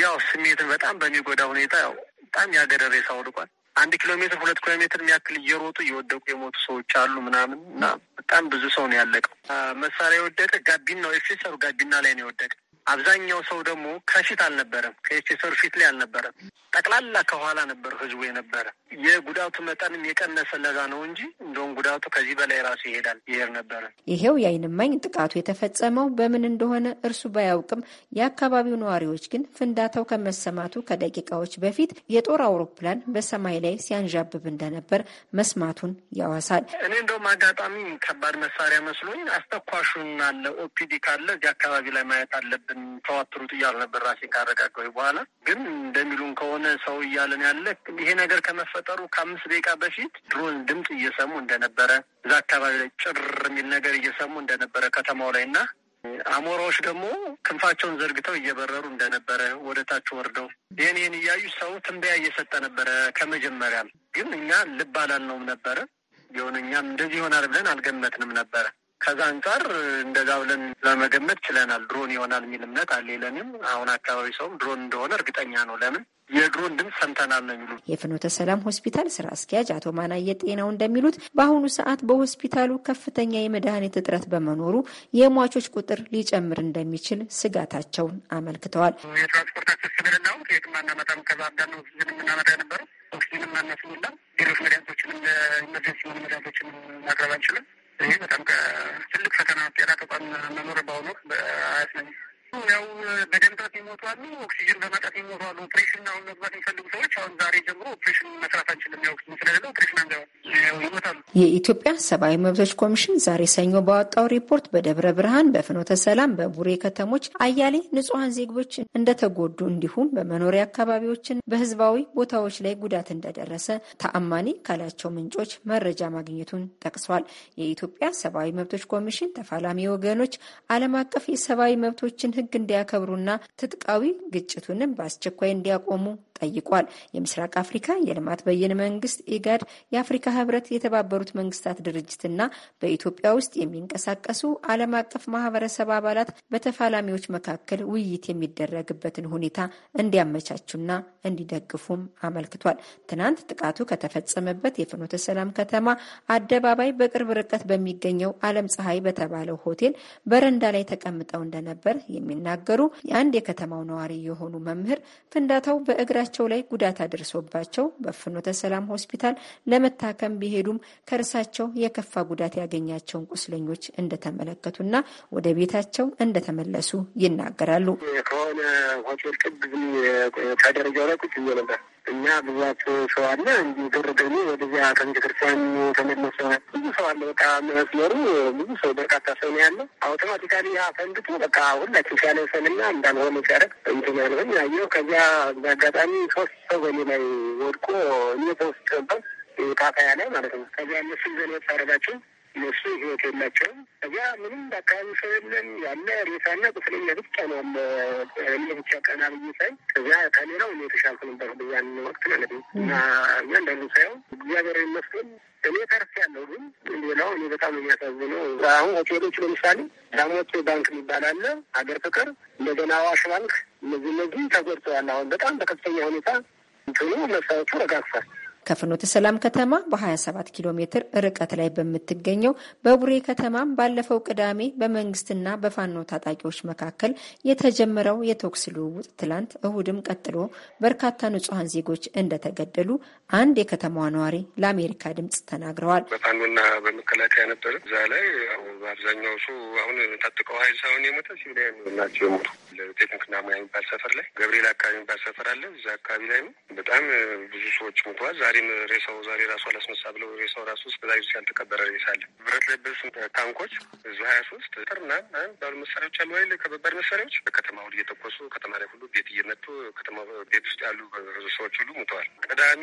ያው ስሜትን በጣም በሚጎዳ ሁኔታ ያው በጣም የሀገር ሬሳ ወድቋል። አንድ ኪሎ ሜትር ሁለት ኪሎ ሜትር የሚያክል እየሮጡ እየወደቁ የሞቱ ሰዎች አሉ ምናምን እና በጣም ብዙ ሰው ነው ያለቀው። መሳሪያ የወደቀ ጋቢና ኦፊሰሩ ጋቢና ላይ ነው የወደቀ አብዛኛው ሰው ደግሞ ከፊት አልነበረም፣ ከኤፌሰር ፊት ላይ አልነበረም። ጠቅላላ ከኋላ ነበር ህዝቡ የነበረ። የጉዳቱ መጠንም የቀነሰ ለዛ ነው እንጂ እንደውም ጉዳቱ ከዚህ በላይ ራሱ ይሄዳል ይሄድ ነበረ። ይሄው የአይንማኝ ጥቃቱ የተፈጸመው በምን እንደሆነ እርሱ ባያውቅም የአካባቢው ነዋሪዎች ግን ፍንዳታው ከመሰማቱ ከደቂቃዎች በፊት የጦር አውሮፕላን በሰማይ ላይ ሲያንዣብብ እንደነበር መስማቱን ያዋሳል። እኔ እንደውም አጋጣሚ ከባድ መሳሪያ መስሎኝ አስተኳሹን አለ ኦፒዲ ካለ እዚህ አካባቢ ላይ ማየት አለብን እንትን ተዋትሩት እያሉ ነበር። ራሴን ካረጋገሁ በኋላ ግን እንደሚሉን ከሆነ ሰው እያለን ያለ ይሄ ነገር ከመፈጠሩ ከአምስት ደቂቃ በፊት ድሮን ድምፅ እየሰሙ እንደነበረ እዛ አካባቢ ላይ ጭር የሚል ነገር እየሰሙ እንደነበረ ከተማው ላይ እና አሞራዎች ደግሞ ክንፋቸውን ዘርግተው እየበረሩ እንደነበረ ወደ ታች ወርደው ይህን ይህን እያዩ ሰው ትንበያ እየሰጠ ነበረ። ከመጀመሪያም ግን እኛ ልብ አላልነውም ነበረ የሆነ እኛም እንደዚህ ይሆናል ብለን አልገመትንም ነበረ። ከዛ አንጻር እንደዛ ብለን ለመገመት ችለናል። ድሮን ይሆናል የሚል እምነት አለ የለንም። አሁን አካባቢ ሰውም ድሮን እንደሆነ እርግጠኛ ነው። ለምን የድሮን ድምፅ ሰምተናል ነው የሚሉት የፍኖተ ሰላም ሆስፒታል ስራ አስኪያጅ አቶ ማናየ ጤናው እንደሚሉት በአሁኑ ሰዓት በሆስፒታሉ ከፍተኛ የመድኃኒት እጥረት በመኖሩ የሟቾች ቁጥር ሊጨምር እንደሚችል ስጋታቸውን አመልክተዋል። የትራንስፖርት አክሰስብል ነው የትም አናመጣም። ከዛ አዳነ ኦክሲጅን የምናመጣ የነበረው ኦክሲጅን ማነሱ ሌሎች መድኃኒቶችንም ኢመርጀንሲ መድኃኒቶችንም ማቅረብ አንችልም። ይህ በጣም ትልቅ ፈተና ጤና ተቋም መኖር በአሁኑ ወቅት አያስነኝም። ያው በደምጠት ይሞቷሉ፣ ኦክሲጅን በማጣት ይሞቷሉ። ኦፕሬሽን አሁን መግባት የሚፈልጉ ሰዎች አሁን ዛሬ ጀምሮ ኦፕሬሽን መስራት አንችልም፣ ያው ስለሌለ ኦፕሬሽን አንገባም፣ ይሞታሉ። የኢትዮጵያ ሰብአዊ መብቶች ኮሚሽን ዛሬ ሰኞ ባወጣው ሪፖርት በደብረ ብርሃን፣ በፍኖተ ሰላም፣ በቡሬ ከተሞች አያሌ ንጹሐን ዜጎች እንደተጎዱ እንዲሁም በመኖሪያ አካባቢዎችን በህዝባዊ ቦታዎች ላይ ጉዳት እንደደረሰ ተአማኒ ካላቸው ምንጮች መረጃ ማግኘቱን ጠቅሷል። የኢትዮጵያ ሰብአዊ መብቶች ኮሚሽን ተፋላሚ ወገኖች ዓለም አቀፍ የሰብአዊ መብቶችን ህግ ህግ እንዲያከብሩና ትጥቃዊ ግጭቱንም በአስቸኳይ እንዲያቆሙ ጠይቋል። የምስራቅ አፍሪካ የልማት በየነ መንግስት ኢጋድ፣ የአፍሪካ ህብረት፣ የተባበሩት መንግስታት ድርጅትና በኢትዮጵያ ውስጥ የሚንቀሳቀሱ ዓለም አቀፍ ማህበረሰብ አባላት በተፋላሚዎች መካከል ውይይት የሚደረግበትን ሁኔታ እንዲያመቻቹና እንዲደግፉም አመልክቷል። ትናንት ጥቃቱ ከተፈጸመበት የፍኖተ ሰላም ከተማ አደባባይ በቅርብ ርቀት በሚገኘው ዓለም ፀሐይ በተባለው ሆቴል በረንዳ ላይ ተቀምጠው እንደነበር የሚናገሩ የአንድ የከተማው ነዋሪ የሆኑ መምህር ፍንዳታው በእግራ በራሳቸው ላይ ጉዳት አደርሶባቸው በፍኖተ ሰላም ሆስፒታል ለመታከም ቢሄዱም ከእርሳቸው የከፋ ጉዳት ያገኛቸውን ቁስለኞች እንደተመለከቱና ወደ ቤታቸው እንደተመለሱ ይናገራሉ። ከሆነ ሆቴል ቅድም ከደረጃው ላይ ቁጭ ነበር እኛ ብዛት ሰው አለ። እንዲ ደረገኒ ወደዚያ ከቤተክርስቲያን የተመለሰ ብዙ ሰው አለ። በቃ መስመሩ ብዙ ሰው በርካታ ሰው ነው ያለው። አውቶማቲካሊ ያ ፈንድቶ በቃ ሁላችን ሲያለሰንና እንዳልሆነ ሲያደርግ እንትን ያለሆን ያየው። ከዚያ በአጋጣሚ ሶስት ሰው በኔ ላይ ወድቆ እኔ ተወስጭበት ታታያ ላይ ማለት ነው። ከዚያ እነሱም ዘኔ ታደረጋቸው እነሱ ህይወት የላቸውም። እዚያ ምንም አካባቢ ሰው የለን ያለ ሬሳና ቁስለኛ ብቻ ነው ያለ። እኔ ብቻ ቀና ብዬ ሳይ እዚያ ከሌላው እኔ የተሻልኩ ነበር ብያን ወቅት ማለት ነው። እና እያንዳንዱ ሳይሆን እግዚአብሔር ይመስገን እኔ ያለው ግን ሌላው እኔ በጣም የሚያሳዝነው አሁን ሆቴሎች ለምሳሌ ዳሞት ባንክ የሚባል አለ፣ ሀገር ፍቅር፣ እንደገና አዋሽ ባንክ፣ እነዚህ እነዚህ ተጎድተዋል። አሁን በጣም በከፍተኛ ሁኔታ እንትኑ መሳዎቹ ረጋግፏል። ከፍኖተ ሰላም ከተማ በ27 ኪሎ ሜትር ርቀት ላይ በምትገኘው በቡሬ ከተማም ባለፈው ቅዳሜ በመንግስትና በፋኖ ታጣቂዎች መካከል የተጀመረው የተኩስ ልውውጥ ትላንት እሁድም ቀጥሎ በርካታ ንጹሐን ዜጎች እንደተገደሉ አንድ የከተማዋ ነዋሪ ለአሜሪካ ድምጽ ተናግረዋል። በፋኖና በመከላከያ ነበረ። እዛ ላይ በአብዛኛው ሰው አሁን ታጥቀው ሀይል ሳይሆን የሞተ ሲቪሊያን ናቸው የሞቱ። ቴክኒክና ሙያ የሚባል ሰፈር ላይ ገብርኤል አካባቢ የሚባል ሰፈር አለ። እዛ አካባቢ ላይ ነው በጣም ብዙ ሰዎች ሞተዋል ዛሬ ዛሬም ሬሳው ዛሬ ራሱ አላስነሳ ብለው ሬሳው ራሱ ውስጥ ዛሬ ያልተቀበረ ሬሳ አለ። ብረት ለበስ ታንኮች እዙ ሀያ ሶስት ጠርና ባሉ መሳሪያዎች አሉ ይል ከበባድ መሳሪያዎች በከተማ ሁሉ እየተኮሱ ከተማ ላይ ሁሉ ቤት እየመቱ ከተማ ቤት ውስጥ ያሉ ብዙ ሰዎች ሁሉ ሙተዋል። ቅዳሜ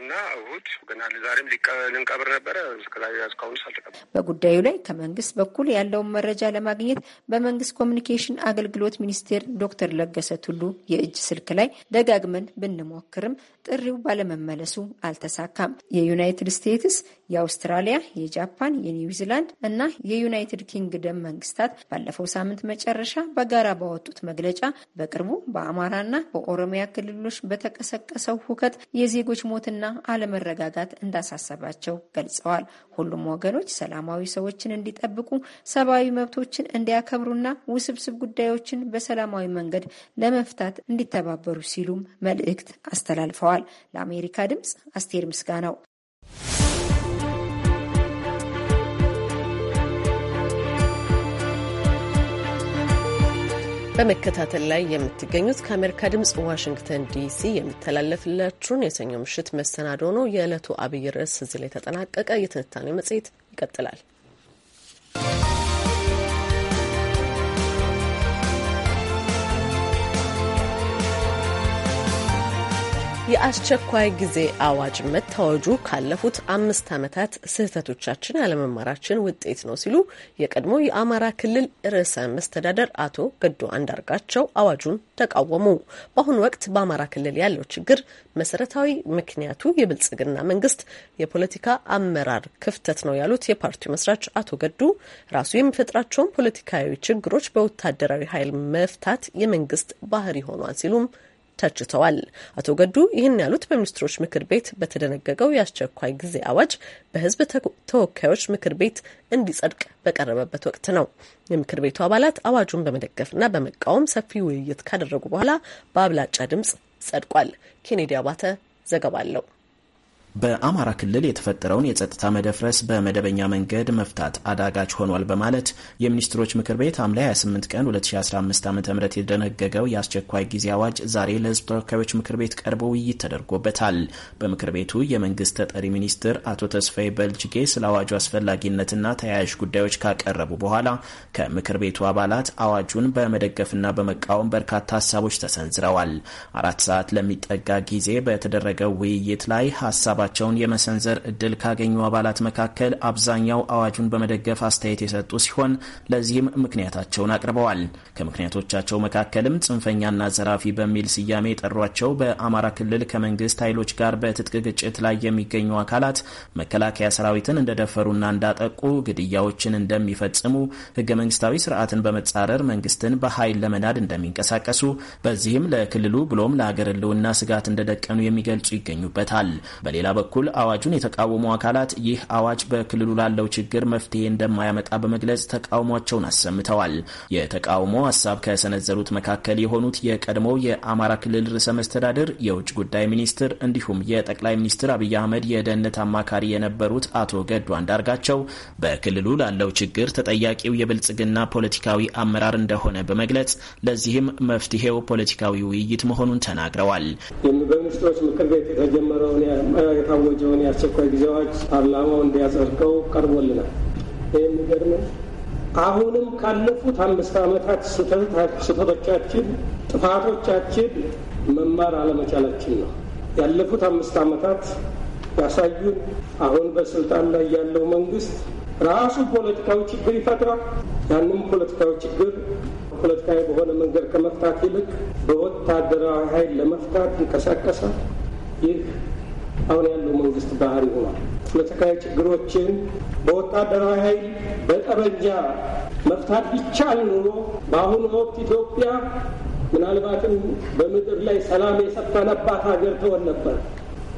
እና እሁድ ገና ዛሬም ልንቀብር ነበረ እስከዛ እስካሁን ሳልተቀበረ። በጉዳዩ ላይ ከመንግስት በኩል ያለውን መረጃ ለማግኘት በመንግስት ኮሚኒኬሽን አገልግሎት ሚኒስቴር ዶክተር ለገሰ ቱሉ የእጅ ስልክ ላይ ደጋግመን ብንሞክርም ጥሪው ባለመመለሱ አልተሳካም። የዩናይትድ ስቴትስ፣ የአውስትራሊያ፣ የጃፓን፣ የኒውዚላንድ እና የዩናይትድ ኪንግደም መንግስታት ባለፈው ሳምንት መጨረሻ በጋራ ባወጡት መግለጫ በቅርቡ በአማራና በኦሮሚያ ክልሎች በተቀሰቀሰው ሁከት የዜጎች ሞትና አለመረጋጋት እንዳሳሰባቸው ገልጸዋል። ሁሉም ወገኖች ሰላማዊ ሰዎችን እንዲጠብቁ፣ ሰብአዊ መብቶችን እንዲያከብሩና ውስብስብ ጉዳዮችን በሰላማዊ መንገድ ለመፍታት እንዲተባበሩ ሲሉም መልእክት አስተላልፈዋል። ለአሜሪካ ድምጽ አስቴር ምስጋናው። በመከታተል ላይ የምትገኙት ከአሜሪካ ድምጽ ዋሽንግተን ዲሲ የሚተላለፍላችሁን የሰኞ ምሽት መሰናዶ ነው። የዕለቱ አብይ ርዕስ እዚህ ላይ ተጠናቀቀ። የትንታኔው መጽሔት ይቀጥላል። የአስቸኳይ ጊዜ አዋጅ መታወጁ ካለፉት አምስት ዓመታት ስህተቶቻችን ያለመማራችን ውጤት ነው ሲሉ የቀድሞ የአማራ ክልል ርዕሰ መስተዳደር አቶ ገዱ አንዳርጋቸው አዋጁን ተቃወሙ። በአሁኑ ወቅት በአማራ ክልል ያለው ችግር መሰረታዊ ምክንያቱ የብልጽግና መንግስት የፖለቲካ አመራር ክፍተት ነው ያሉት የፓርቲው መስራች አቶ ገዱ ራሱ የሚፈጥራቸውን ፖለቲካዊ ችግሮች በወታደራዊ ኃይል መፍታት የመንግስት ባህሪ ሆኗል ሲሉም ተችተዋል። አቶ ገዱ ይህን ያሉት በሚኒስትሮች ምክር ቤት በተደነገገው የአስቸኳይ ጊዜ አዋጅ በሕዝብ ተወካዮች ምክር ቤት እንዲጸድቅ በቀረበበት ወቅት ነው። የምክር ቤቱ አባላት አዋጁን በመደገፍና በመቃወም ሰፊ ውይይት ካደረጉ በኋላ በአብላጫ ድምጽ ጸድቋል። ኬኔዲ አባተ ዘገባ አለው። በአማራ ክልል የተፈጠረውን የጸጥታ መደፍረስ በመደበኛ መንገድ መፍታት አዳጋች ሆኗል በማለት የሚኒስትሮች ምክር ቤት ሐምሌ 28 ቀን 2015 ዓ ም የደነገገው የአስቸኳይ ጊዜ አዋጅ ዛሬ ለሕዝብ ተወካዮች ምክር ቤት ቀርቦ ውይይት ተደርጎበታል። በምክር ቤቱ የመንግስት ተጠሪ ሚኒስትር አቶ ተስፋዬ በልጅጌ ስለ አዋጁ አስፈላጊነትና ተያያዥ ጉዳዮች ካቀረቡ በኋላ ከምክር ቤቱ አባላት አዋጁን በመደገፍና በመቃወም በርካታ ሀሳቦች ተሰንዝረዋል። አራት ሰዓት ለሚጠጋ ጊዜ በተደረገው ውይይት ላይ ሀሳብ ሀሳባቸውን የመሰንዘር እድል ካገኙ አባላት መካከል አብዛኛው አዋጁን በመደገፍ አስተያየት የሰጡ ሲሆን ለዚህም ምክንያታቸውን አቅርበዋል። ከምክንያቶቻቸው መካከልም ጽንፈኛና ዘራፊ በሚል ስያሜ የጠሯቸው በአማራ ክልል ከመንግስት ኃይሎች ጋር በትጥቅ ግጭት ላይ የሚገኙ አካላት መከላከያ ሰራዊትን እንደደፈሩና እንዳጠቁ፣ ግድያዎችን እንደሚፈጽሙ፣ ህገ መንግስታዊ ስርዓትን በመጻረር መንግስትን በኃይል ለመናድ እንደሚንቀሳቀሱ፣ በዚህም ለክልሉ ብሎም ለአገር ህልውና ስጋት እንደደቀኑ የሚገልጹ ይገኙበታል። በሌላ በኩል አዋጁን የተቃወሙ አካላት ይህ አዋጅ በክልሉ ላለው ችግር መፍትሄ እንደማያመጣ በመግለጽ ተቃውሟቸውን አሰምተዋል። የተቃውሞ ሀሳብ ከሰነዘሩት መካከል የሆኑት የቀድሞው የአማራ ክልል ርዕሰ መስተዳድር፣ የውጭ ጉዳይ ሚኒስትር እንዲሁም የጠቅላይ ሚኒስትር አብይ አህመድ የደህንነት አማካሪ የነበሩት አቶ ገዱ አንዳርጋቸው በክልሉ ላለው ችግር ተጠያቂው የብልጽግና ፖለቲካዊ አመራር እንደሆነ በመግለጽ ለዚህም መፍትሄው ፖለቲካዊ ውይይት መሆኑን ተናግረዋል። በሚኒስትሮች ምክር ቤት የተጀመረውን የታወጀውን የአስቸኳይ ጊዜ አዋጅ ፓርላማው እንዲያጸድቀው ቀርቦልናል። ይህ የሚገርም አሁንም ካለፉት አምስት ዓመታት ስህተቶቻችን፣ ጥፋቶቻችን መማር አለመቻላችን ነው። ያለፉት አምስት ዓመታት ያሳዩን አሁን በስልጣን ላይ ያለው መንግስት ራሱ ፖለቲካዊ ችግር ይፈጥራል። ያንም ፖለቲካዊ ችግር ፖለቲካዊ በሆነ መንገድ ከመፍታት ይልቅ በወታደራዊ ኃይል ለመፍታት ይንቀሳቀሳል። ይህ አሁን ያለው መንግስት ባህሪ ሆኗል። ፖለቲካዊ ችግሮችን በወታደራዊ ኃይል በጠመንጃ መፍታት ብቻ ኑሮ በአሁኑ ወቅት ኢትዮጵያ ምናልባትም በምድር ላይ ሰላም የሰፈነባት ሀገር ትሆን ነበር።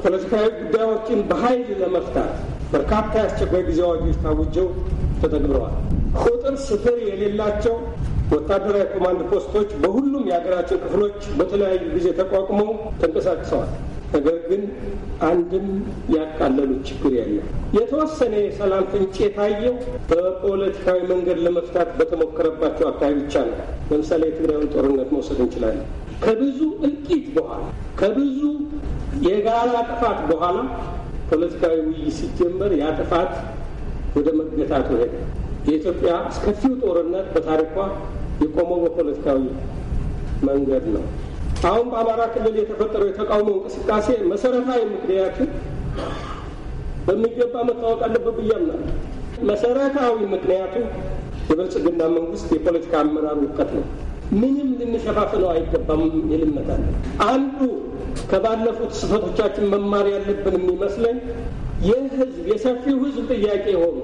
ፖለቲካዊ ጉዳዮችን በኃይል ለመፍታት በርካታ የአስቸኳይ ጊዜ አዋጆች ታውጀው ተተግብረዋል። ቁጥር ስፍር የሌላቸው ወታደራዊ ኮማንድ ፖስቶች በሁሉም የሀገራችን ክፍሎች በተለያዩ ጊዜ ተቋቁመው ተንቀሳቅሰዋል። ነገር ግን አንድም ያቃለሉት ችግር የለም። የተወሰነ የሰላም ፍንጭ የታየው በፖለቲካዊ መንገድ ለመፍታት በተሞከረባቸው አካባቢ ብቻ ነው። ለምሳሌ የትግራዩን ጦርነት መውሰድ እንችላለን። ከብዙ እልቂት በኋላ ከብዙ የጋራ ጥፋት በኋላ ፖለቲካዊ ውይይት ሲጀመር ያ ጥፋት ወደ መገታቱ ሄደ። የኢትዮጵያ አስከፊው ጦርነት በታሪኳ የቆመው በፖለቲካዊ መንገድ ነው። አሁን በአማራ ክልል የተፈጠረው የተቃውሞ እንቅስቃሴ መሰረታዊ ምክንያቱ በሚገባ መታወቅ አለበት ብያምናለሁ። መሰረታዊ ምክንያቱ የብልጽግና መንግስት የፖለቲካ አመራር እውቀት ነው። ምንም ልንሸፋፍነው አይገባም ይልመታል። አንዱ ከባለፉት ስህተቶቻችን መማር ያለብን የሚመስለኝ የህዝብ የሰፊው ህዝብ ጥያቄ የሆኑ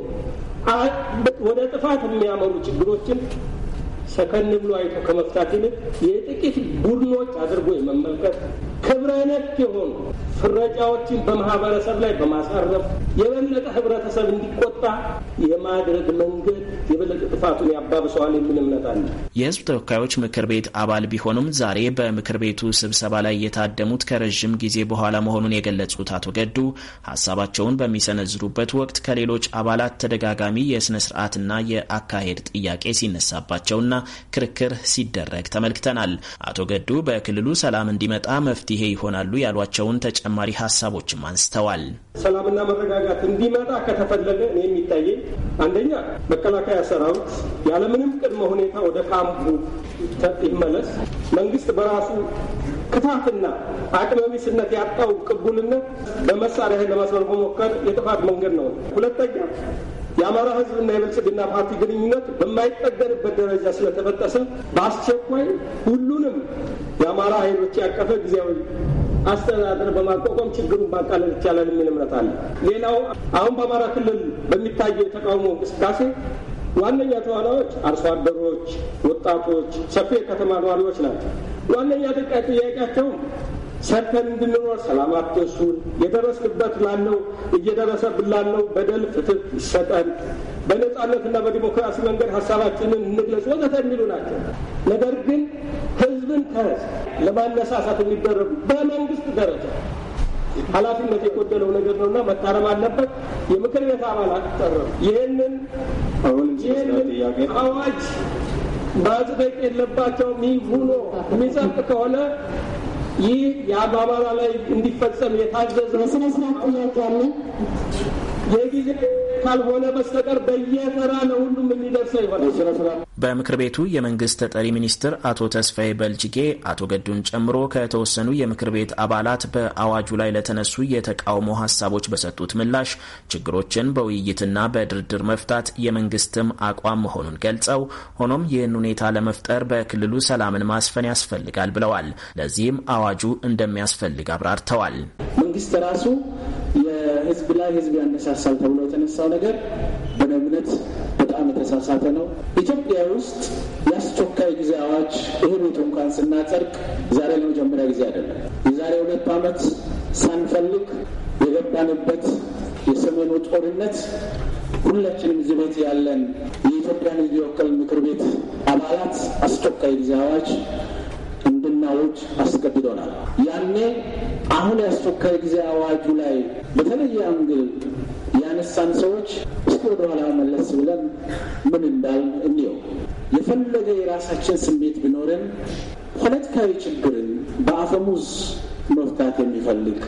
ወደ ጥፋት የሚያመሩ ችግሮችን ሰከን ብሎ አይቶ ከመፍታት ይልቅ የጥቂት ቡድኖች አድርጎ የመመልከት ክብረ ነክ የሆኑ ፍረጃዎችን በማህበረሰብ ላይ በማሳረፍ የበለጠ ህብረተሰብ እንዲቆጣ የማድረግ መንገድ የበለጠ ጥፋቱን ያባብሰዋል የሚል እምነት አለ። የህዝብ ተወካዮች ምክር ቤት አባል ቢሆኑም ዛሬ በምክር ቤቱ ስብሰባ ላይ የታደሙት ከረዥም ጊዜ በኋላ መሆኑን የገለጹት አቶ ገዱ ሀሳባቸውን በሚሰነዝሩበት ወቅት ከሌሎች አባላት ተደጋጋሚ የስነ ስርዓትና የአካሄድ ጥያቄ ሲነሳባቸውና ክርክር ሲደረግ ተመልክተናል። አቶ ገዱ በክልሉ ሰላም እንዲመጣ መፍትሄ ይሆናሉ ያሏቸውን ተጨ ተጨማሪ ሀሳቦችም አንስተዋል። ሰላምና መረጋጋት እንዲመጣ ከተፈለገ እኔ የሚታየኝ አንደኛ መከላከያ ሰራዊት ያለምንም ቅድመ ሁኔታ ወደ ካምፑ ይመለስ። መንግስት በራሱ ክታፍና አቅመቢስነት ያጣው ቅቡልነት በመሳሪያ ለማስመር መሞከር የጥፋት መንገድ ነው። ሁለተኛ የአማራ ህዝብና የብልጽግና ፓርቲ ግንኙነት በማይጠገንበት ደረጃ ስለተበጠሰ በአስቸኳይ ሁሉንም የአማራ ኃይሎች ያቀፈ ጊዜያዊ አስተዳደር በማቋቋም ችግሩን ማቃለል ይቻላል የሚል እምነት አለ። ሌላው አሁን በአማራ ክልል በሚታየው የተቃውሞ እንቅስቃሴ ዋነኛ ተዋናዮች አርሶ አደሮች፣ ወጣቶች፣ ሰፊ የከተማ ነዋሪዎች ናቸው። ዋነኛ ጥቃ ጥያቄያቸውም ሰርተን እንድንኖር ሰላም አትርሱን። የደረስክበት ላለው እየደረሰብን ላለው በደል ፍትህ ይሰጠን። በነጻነትና በዲሞክራሲ መንገድ ሀሳባችንን እንግለጽ ወዘተ የሚሉ ናቸው። ነገር ግን ህዝብን ከህዝብ ለማነሳሳት የሚደረጉ በመንግስት ደረጃ ኃላፊነት የጎደለው ነገር ነው ነውና መታረም አለበት። የምክር ቤት አባላት ጠረም ይህንን አዋጅ ማጽደቅ የለባቸውም። ይህ ሆኖ የሚጸጥ ከሆነ ይህ የአባባላ ላይ እንዲፈጸም የታዘዘ ስነስርዓት ጥያቄ አለ የጊዜ ካልሆነ በስተቀር በየተራ ሁሉም የሚደርሰው ይሆናል። በምክር ቤቱ የመንግስት ተጠሪ ሚኒስትር አቶ ተስፋዬ በልጅጌ አቶ ገዱን ጨምሮ ከተወሰኑ የምክር ቤት አባላት በአዋጁ ላይ ለተነሱ የተቃውሞ ሀሳቦች በሰጡት ምላሽ ችግሮችን በውይይትና በድርድር መፍታት የመንግስትም አቋም መሆኑን ገልጸው ሆኖም ይህን ሁኔታ ለመፍጠር በክልሉ ሰላምን ማስፈን ያስፈልጋል ብለዋል። ለዚህም አዋጁ እንደሚያስፈልግ አብራርተዋል። መንግስት ራሱ ህዝብ ላይ ህዝብ ያነሳሳል ተብሎ የተነሳው ነገር በእምነት በጣም የተሳሳተ ነው። ኢትዮጵያ ውስጥ የአስቸኳይ ጊዜ አዋጅ እህሉት እንኳን ስናጸድቅ ዛሬ ለመጀመሪያ ጊዜ አይደለም። የዛሬ ሁለት ዓመት ሳንፈልግ የገባንበት የሰሜኑ ጦርነት ሁላችንም እዚህ ቤት ያለን የኢትዮጵያን ህዝብ የወከል ምክር ቤት አባላት አስቸኳይ ጊዜ አዋጅ እንድናውጅ አስገድዶናል። ያኔ አሁን የአስቸኳይ ጊዜ አዋጁ ላይ በተለየ አንግል ያነሳን ሰዎች እስኪ ወደኋላ መለስ ብለን ምን እንዳል እንየው። የፈለገ የራሳችን ስሜት ቢኖረን ፖለቲካዊ ችግርን በአፈሙዝ መፍታት የሚፈልግ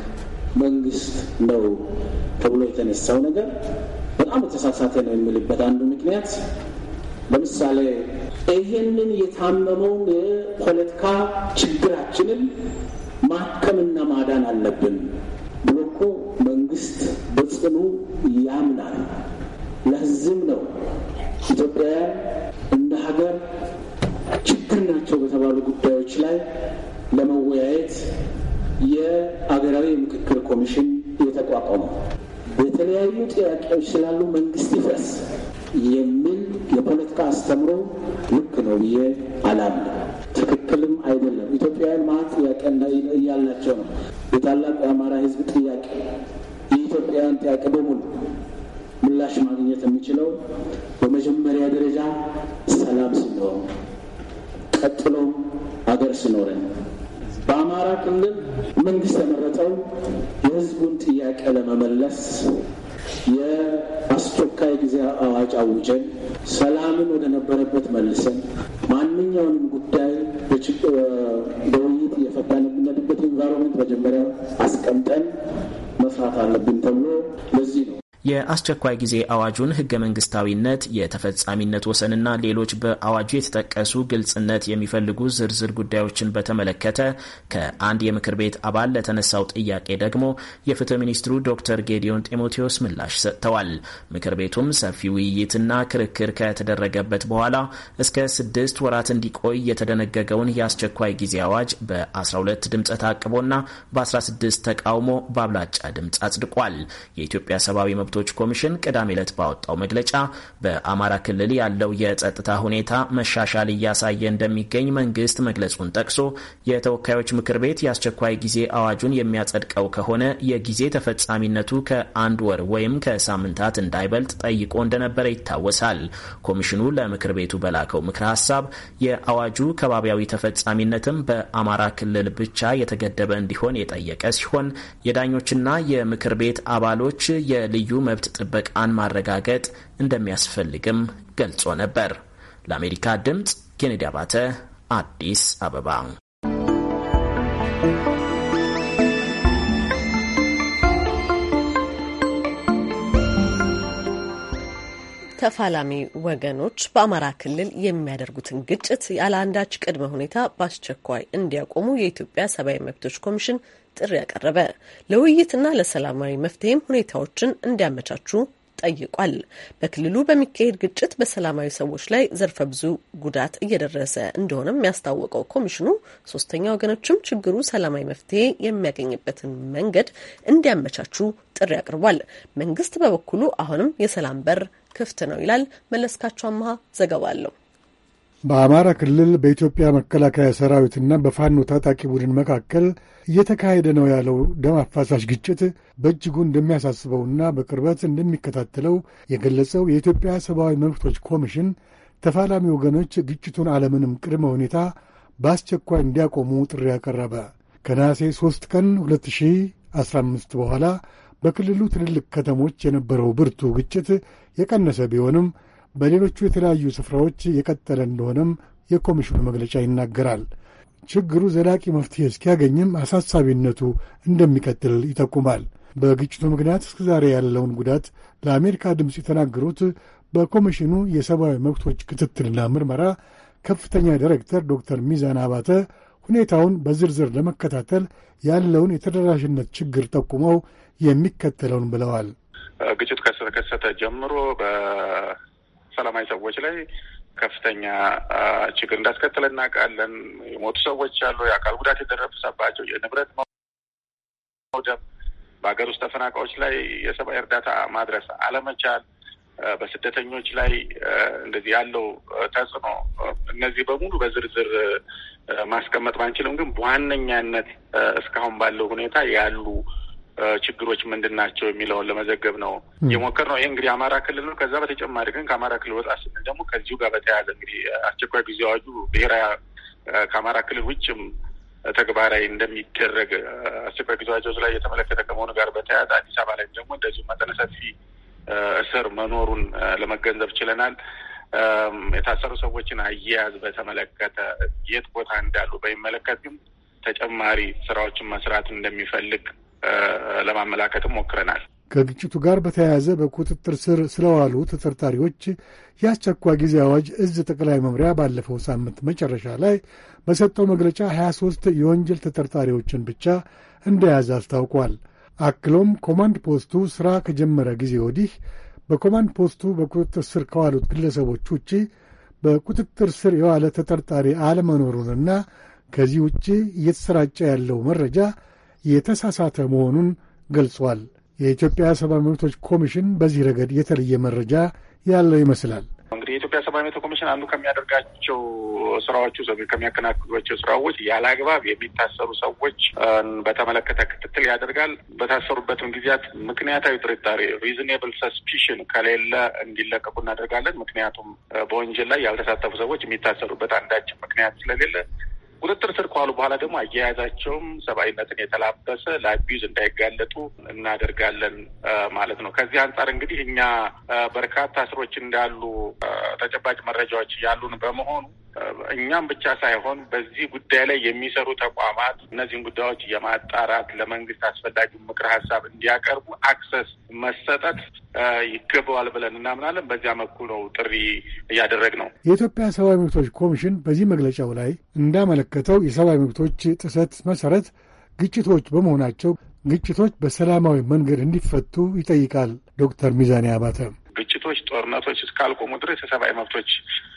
መንግስት ነው ተብሎ የተነሳው ነገር በጣም የተሳሳተ ነው የሚልበት አንዱ ምክንያት ለምሳሌ ይሄንን የታመመውን የፖለቲካ ችግራችንን ማከምና ማዳን አለብን ብሎ እኮ መንግስት በጽኑ ያምናል። ለህዝብ ነው ኢትዮጵያውያን እንደ ሀገር ችግር ናቸው በተባሉ ጉዳዮች ላይ ለመወያየት የአገራዊ የምክክር ኮሚሽን የተቋቋመው። የተለያዩ ጥያቄዎች ስላሉ መንግስት ይፍረስ የሚል የፖለቲካ አስተምሮ ልክ ነው ብዬ አላምንም፣ ትክክልም አይደለም። ኢትዮጵያውያን ማ ጥያቄ እያላቸው ነው። የታላቅ የአማራ ሕዝብ ጥያቄ የኢትዮጵያውያን ጥያቄ በሙሉ ምላሽ ማግኘት የሚችለው በመጀመሪያ ደረጃ ሰላም ሲኖር፣ ቀጥሎም አገር ሲኖረን በአማራ ክልል መንግስት የመረጠው የህዝቡን ጥያቄ ለመመለስ የአስቸኳይ ጊዜ አዋጅ አውጀን ሰላምን ወደ ነበረበት መልሰን ማንኛውንም ጉዳይ በውይይት እየፈታን የምንሄድበት ኢንቫይሮመንት መጀመሪያ አስቀምጠን መስራት አለብን ተብሎ ለዚህ ነው የአስቸኳይ ጊዜ አዋጁን ህገ መንግስታዊነት፣ የተፈጻሚነት ወሰንና ሌሎች በአዋጁ የተጠቀሱ ግልጽነት የሚፈልጉ ዝርዝር ጉዳዮችን በተመለከተ ከአንድ የምክር ቤት አባል ለተነሳው ጥያቄ ደግሞ የፍትህ ሚኒስትሩ ዶክተር ጌዲዮን ጢሞቴዎስ ምላሽ ሰጥተዋል። ምክር ቤቱም ሰፊ ውይይትና ክርክር ከተደረገበት በኋላ እስከ ስድስት ወራት እንዲቆይ የተደነገገውን የአስቸኳይ ጊዜ አዋጅ በ12 ድምፀ ታቅቦና በ16 ተቃውሞ በአብላጫ ድምፅ አጽድቋል። የኢትዮጵያ ሰብአዊ መብቶ መብቶች ኮሚሽን ቅዳሜ ዕለት ባወጣው መግለጫ በአማራ ክልል ያለው የጸጥታ ሁኔታ መሻሻል እያሳየ እንደሚገኝ መንግስት መግለጹን ጠቅሶ የተወካዮች ምክር ቤት የአስቸኳይ ጊዜ አዋጁን የሚያጸድቀው ከሆነ የጊዜ ተፈጻሚነቱ ከአንድ ወር ወይም ከሳምንታት እንዳይበልጥ ጠይቆ እንደነበረ ይታወሳል። ኮሚሽኑ ለምክር ቤቱ በላከው ምክረ ሀሳብ የአዋጁ ከባቢያዊ ተፈጻሚነትም በአማራ ክልል ብቻ የተገደበ እንዲሆን የጠየቀ ሲሆን የዳኞችና የምክር ቤት አባሎች የልዩ መብት ጥበቃን ማረጋገጥ እንደሚያስፈልግም ገልጾ ነበር። ለአሜሪካ ድምፅ ኬኔዲ አባተ አዲስ አበባ። ተፋላሚ ወገኖች በአማራ ክልል የሚያደርጉትን ግጭት ያለ አንዳች ቅድመ ሁኔታ በአስቸኳይ እንዲያቆሙ የኢትዮጵያ ሰብአዊ መብቶች ኮሚሽን ጥሪ ያቀረበ፣ ለውይይትና ለሰላማዊ መፍትሄም ሁኔታዎችን እንዲያመቻቹ ጠይቋል። በክልሉ በሚካሄድ ግጭት በሰላማዊ ሰዎች ላይ ዘርፈ ብዙ ጉዳት እየደረሰ እንደሆነም ያስታወቀው ኮሚሽኑ ሶስተኛ ወገኖችም ችግሩ ሰላማዊ መፍትሄ የሚያገኝበትን መንገድ እንዲያመቻቹ ጥሪ አቅርቧል። መንግስት በበኩሉ አሁንም የሰላም በር ክፍት ነው ይላል። መለስካቸው አመሀ ዘገባ አለው። በአማራ ክልል በኢትዮጵያ መከላከያ ሰራዊትና በፋኖ ታጣቂ ቡድን መካከል እየተካሄደ ነው ያለው ደም አፋሳሽ ግጭት በእጅጉ እንደሚያሳስበውና በቅርበት እንደሚከታተለው የገለጸው የኢትዮጵያ ሰብአዊ መብቶች ኮሚሽን ተፋላሚ ወገኖች ግጭቱን አለምንም ቅድመ ሁኔታ በአስቸኳይ እንዲያቆሙ ጥሪ ያቀረበ ከነሐሴ 3 ቀን 2015 በኋላ በክልሉ ትልልቅ ከተሞች የነበረው ብርቱ ግጭት የቀነሰ ቢሆንም በሌሎቹ የተለያዩ ስፍራዎች የቀጠለ እንደሆነም የኮሚሽኑ መግለጫ ይናገራል። ችግሩ ዘላቂ መፍትሄ እስኪያገኝም አሳሳቢነቱ እንደሚቀጥል ይጠቁማል። በግጭቱ ምክንያት እስከዛሬ ያለውን ጉዳት ለአሜሪካ ድምፅ የተናገሩት በኮሚሽኑ የሰብአዊ መብቶች ክትትልና ምርመራ ከፍተኛ ዳይሬክተር ዶክተር ሚዛን አባተ ሁኔታውን በዝርዝር ለመከታተል ያለውን የተደራሽነት ችግር ጠቁመው የሚከተለውን ብለዋል። ግጭቱ ከተከሰተ ጀምሮ ሰላማዊ ሰዎች ላይ ከፍተኛ ችግር እንዳስከተለ እናውቃለን። የሞቱ ሰዎች አሉ። የአካል ጉዳት የደረሰባቸው፣ የንብረት መውደም፣ በሀገር ውስጥ ተፈናቃዮች ላይ የሰብአዊ እርዳታ ማድረስ አለመቻል፣ በስደተኞች ላይ እንደዚህ ያለው ተጽዕኖ፣ እነዚህ በሙሉ በዝርዝር ማስቀመጥ ባንችልም ግን በዋነኛነት እስካሁን ባለው ሁኔታ ያሉ ችግሮች ምንድን ናቸው የሚለውን ለመዘገብ ነው የሞከር ነው። ይሄ እንግዲህ አማራ ክልል ነው። ከዛ በተጨማሪ ግን ከአማራ ክልል ወጣ ስንል ደግሞ ከዚሁ ጋር በተያያዘ እንግዲህ አስቸኳይ ጊዜ አዋጁ ብሔራዊ ከአማራ ክልል ውጭም ተግባራዊ እንደሚደረግ አስቸኳይ ጊዜ አዋጆች ላይ የተመለከተ ከመሆኑ ጋር በተያያዘ አዲስ አበባ ላይም ደግሞ እንደዚሁ መጠነ ሰፊ እስር መኖሩን ለመገንዘብ ችለናል። የታሰሩ ሰዎችን አያያዝ በተመለከተ የት ቦታ እንዳሉ በሚመለከት ግን ተጨማሪ ስራዎችን መስራት እንደሚፈልግ ለማመላከትም ሞክረናል። ከግጭቱ ጋር በተያያዘ በቁጥጥር ስር ስለዋሉ ተጠርጣሪዎች የአስቸኳይ ጊዜ አዋጅ እዝ ጠቅላይ መምሪያ ባለፈው ሳምንት መጨረሻ ላይ በሰጠው መግለጫ 23 የወንጀል ተጠርጣሪዎችን ብቻ እንደያዘ አስታውቋል። አክሎም ኮማንድ ፖስቱ ሥራ ከጀመረ ጊዜ ወዲህ በኮማንድ ፖስቱ በቁጥጥር ስር ከዋሉት ግለሰቦች ውጪ በቁጥጥር ስር የዋለ ተጠርጣሪ አለመኖሩንና ከዚህ ውጪ እየተሰራጨ ያለው መረጃ የተሳሳተ መሆኑን ገልጿል። የኢትዮጵያ ሰብአዊ መብቶች ኮሚሽን በዚህ ረገድ የተለየ መረጃ ያለው ይመስላል። እንግዲህ የኢትዮጵያ ሰብአዊ መብቶች ኮሚሽን አንዱ ከሚያደርጋቸው ስራዎች ከሚያከናክሏቸው ስራዎች ያለ አግባብ የሚታሰሩ ሰዎች በተመለከተ ክትትል ያደርጋል። በታሰሩበትም ጊዜያት ምክንያታዊ ጥርጣሬ ሪዝኔብል ሰስፒሽን ከሌለ እንዲለቀቁ እናደርጋለን። ምክንያቱም በወንጀል ላይ ያልተሳተፉ ሰዎች የሚታሰሩበት አንዳችን ምክንያት ስለሌለ ቁጥጥር ስር ከዋሉ በኋላ ደግሞ አያያዛቸውም ሰብአዊነትን የተላበሰ ለአቢዩዝ እንዳይጋለጡ እናደርጋለን ማለት ነው። ከዚህ አንጻር እንግዲህ እኛ በርካታ እስሮች እንዳሉ ተጨባጭ መረጃዎች ያሉን በመሆኑ እኛም ብቻ ሳይሆን በዚህ ጉዳይ ላይ የሚሰሩ ተቋማት እነዚህን ጉዳዮች የማጣራት ለመንግስት አስፈላጊውን ምክር ሀሳብ እንዲያቀርቡ አክሰስ መሰጠት ይገባዋል ብለን እናምናለን። በዚያ መልኩ ነው ጥሪ እያደረግ ነው። የኢትዮጵያ ሰብአዊ መብቶች ኮሚሽን በዚህ መግለጫው ላይ እንዳመለከ በተመለከተው የሰብአዊ መብቶች ጥሰት መሠረት ግጭቶች በመሆናቸው ግጭቶች በሰላማዊ መንገድ እንዲፈቱ ይጠይቃል። ዶክተር ሚዛኔ አባተ ግጭቶች፣ ጦርነቶች እስካልቆሙ ድረስ የሰብአዊ መብቶች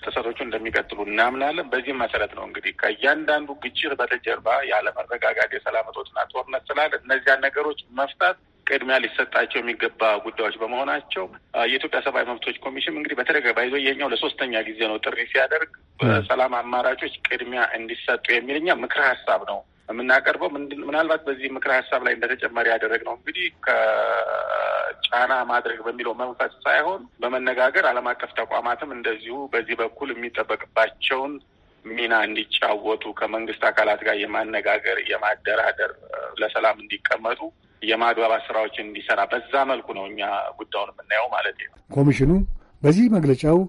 ጥሰቶቹ እንደሚቀጥሉ እናምናለን። በዚህም መሰረት ነው እንግዲህ ከእያንዳንዱ ግጭት በተጀርባ ያለመረጋጋት፣ የሰላም እጦትና ጦርነት ስላለ እነዚያን ነገሮች መፍታት ቅድሚያ ሊሰጣቸው የሚገባ ጉዳዮች በመሆናቸው የኢትዮጵያ ሰብአዊ መብቶች ኮሚሽን እንግዲህ በተደጋ ባይዞ የኛው ለሶስተኛ ጊዜ ነው ጥሪ ሲያደርግ በሰላም አማራጮች ቅድሚያ እንዲሰጡ የሚል እኛ ምክረ ሀሳብ ነው የምናቀርበው። ምናልባት በዚህ ምክረ ሀሳብ ላይ እንደተጨማሪ ያደረግነው እንግዲህ ከጫና ማድረግ በሚለው መንፈስ ሳይሆን በመነጋገር ዓለም አቀፍ ተቋማትም እንደዚሁ በዚህ በኩል የሚጠበቅባቸውን ሚና እንዲጫወቱ ከመንግስት አካላት ጋር የማነጋገር የማደራደር፣ ለሰላም እንዲቀመጡ የማግባባት ስራዎችን እንዲሰራ በዛ መልኩ ነው እኛ ጉዳዩን የምናየው ማለት ነው። ኮሚሽኑ በዚህ መግለጫው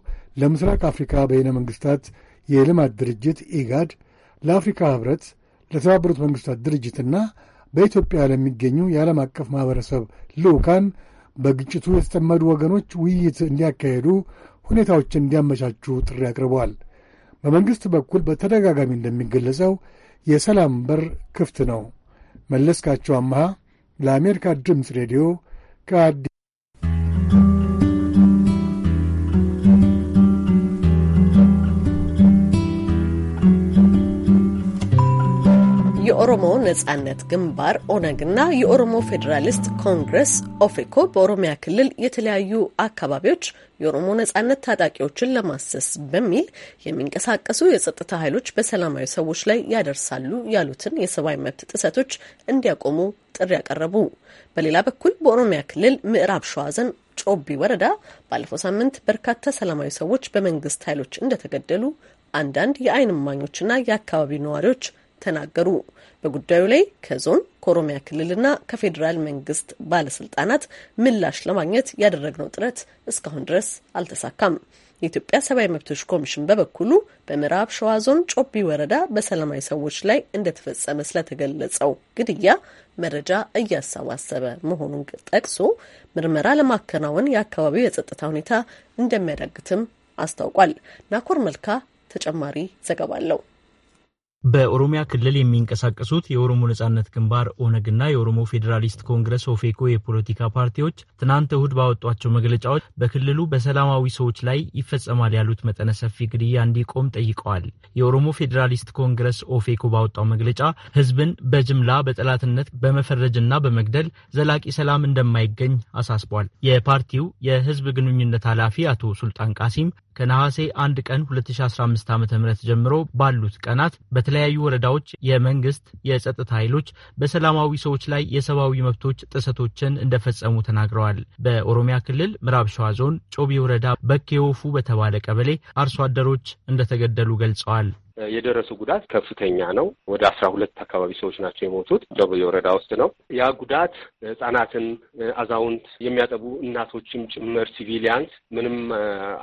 ለምስራቅ አፍሪካ በይነ መንግስታት የልማት ድርጅት ኢጋድ፣ ለአፍሪካ ህብረት፣ ለተባበሩት መንግስታት ድርጅትና በኢትዮጵያ ለሚገኙ የዓለም አቀፍ ማህበረሰብ ልዑካን በግጭቱ የተጠመዱ ወገኖች ውይይት እንዲያካሄዱ ሁኔታዎችን እንዲያመቻቹ ጥሪ አቅርበዋል። በመንግሥት በኩል በተደጋጋሚ እንደሚገለጸው የሰላም በር ክፍት ነው። መለስካቸው አምሃ ለአሜሪካ ድምፅ ሬዲዮ ከአዲ የኦሮሞ ነጻነት ግንባር ኦነግና የኦሮሞ ፌዴራሊስት ኮንግረስ ኦፌኮ በኦሮሚያ ክልል የተለያዩ አካባቢዎች የኦሮሞ ነጻነት ታጣቂዎችን ለማሰስ በሚል የሚንቀሳቀሱ የጸጥታ ኃይሎች በሰላማዊ ሰዎች ላይ ያደርሳሉ ያሉትን የሰብአዊ መብት ጥሰቶች እንዲያቆሙ ጥሪ ያቀረቡ። በሌላ በኩል በኦሮሚያ ክልል ምዕራብ ሸዋ ዞን ጮቢ ወረዳ ባለፈው ሳምንት በርካታ ሰላማዊ ሰዎች በመንግስት ኃይሎች እንደተገደሉ አንዳንድ የዓይን እማኞችና የአካባቢው ነዋሪዎች ተናገሩ። በጉዳዩ ላይ ከዞን ከኦሮሚያ ክልልና ከፌዴራል መንግስት ባለስልጣናት ምላሽ ለማግኘት ያደረግነው ጥረት እስካሁን ድረስ አልተሳካም። የኢትዮጵያ ሰብአዊ መብቶች ኮሚሽን በበኩሉ በምዕራብ ሸዋ ዞን ጮቢ ወረዳ በሰላማዊ ሰዎች ላይ እንደተፈጸመ ስለተገለጸው ግድያ መረጃ እያሰባሰበ መሆኑን ጠቅሶ ምርመራ ለማከናወን የአካባቢው የጸጥታ ሁኔታ እንደሚያዳግትም አስታውቋል። ናኮር መልካ ተጨማሪ ዘገባ አለው። በኦሮሚያ ክልል የሚንቀሳቀሱት የኦሮሞ ነጻነት ግንባር ኦነግና የኦሮሞ ፌዴራሊስት ኮንግረስ ኦፌኮ የፖለቲካ ፓርቲዎች ትናንት እሁድ ባወጧቸው መግለጫዎች በክልሉ በሰላማዊ ሰዎች ላይ ይፈጸማል ያሉት መጠነ ሰፊ ግድያ እንዲቆም ጠይቀዋል። የኦሮሞ ፌዴራሊስት ኮንግረስ ኦፌኮ ባወጣው መግለጫ ሕዝብን በጅምላ በጠላትነት በመፈረጅና በመግደል ዘላቂ ሰላም እንደማይገኝ አሳስቧል። የፓርቲው የሕዝብ ግንኙነት ኃላፊ አቶ ሱልጣን ቃሲም ከነሐሴ አንድ ቀን 2015 ዓ ም ጀምሮ ባሉት ቀናት በተለያዩ ወረዳዎች የመንግስት የጸጥታ ኃይሎች በሰላማዊ ሰዎች ላይ የሰብአዊ መብቶች ጥሰቶችን እንደፈጸሙ ተናግረዋል። በኦሮሚያ ክልል ምዕራብ ሸዋ ዞን ጮቢ ወረዳ በኬወፉ በተባለ ቀበሌ አርሶ አደሮች እንደተገደሉ ገልጸዋል። የደረሱ ጉዳት ከፍተኛ ነው። ወደ አስራ ሁለት አካባቢ ሰዎች ናቸው የሞቱት ደቡብ ወረዳ ውስጥ ነው። ያ ጉዳት ህጻናትን፣ አዛውንት፣ የሚያጠቡ እናቶችም ጭምር ሲቪሊያንስ፣ ምንም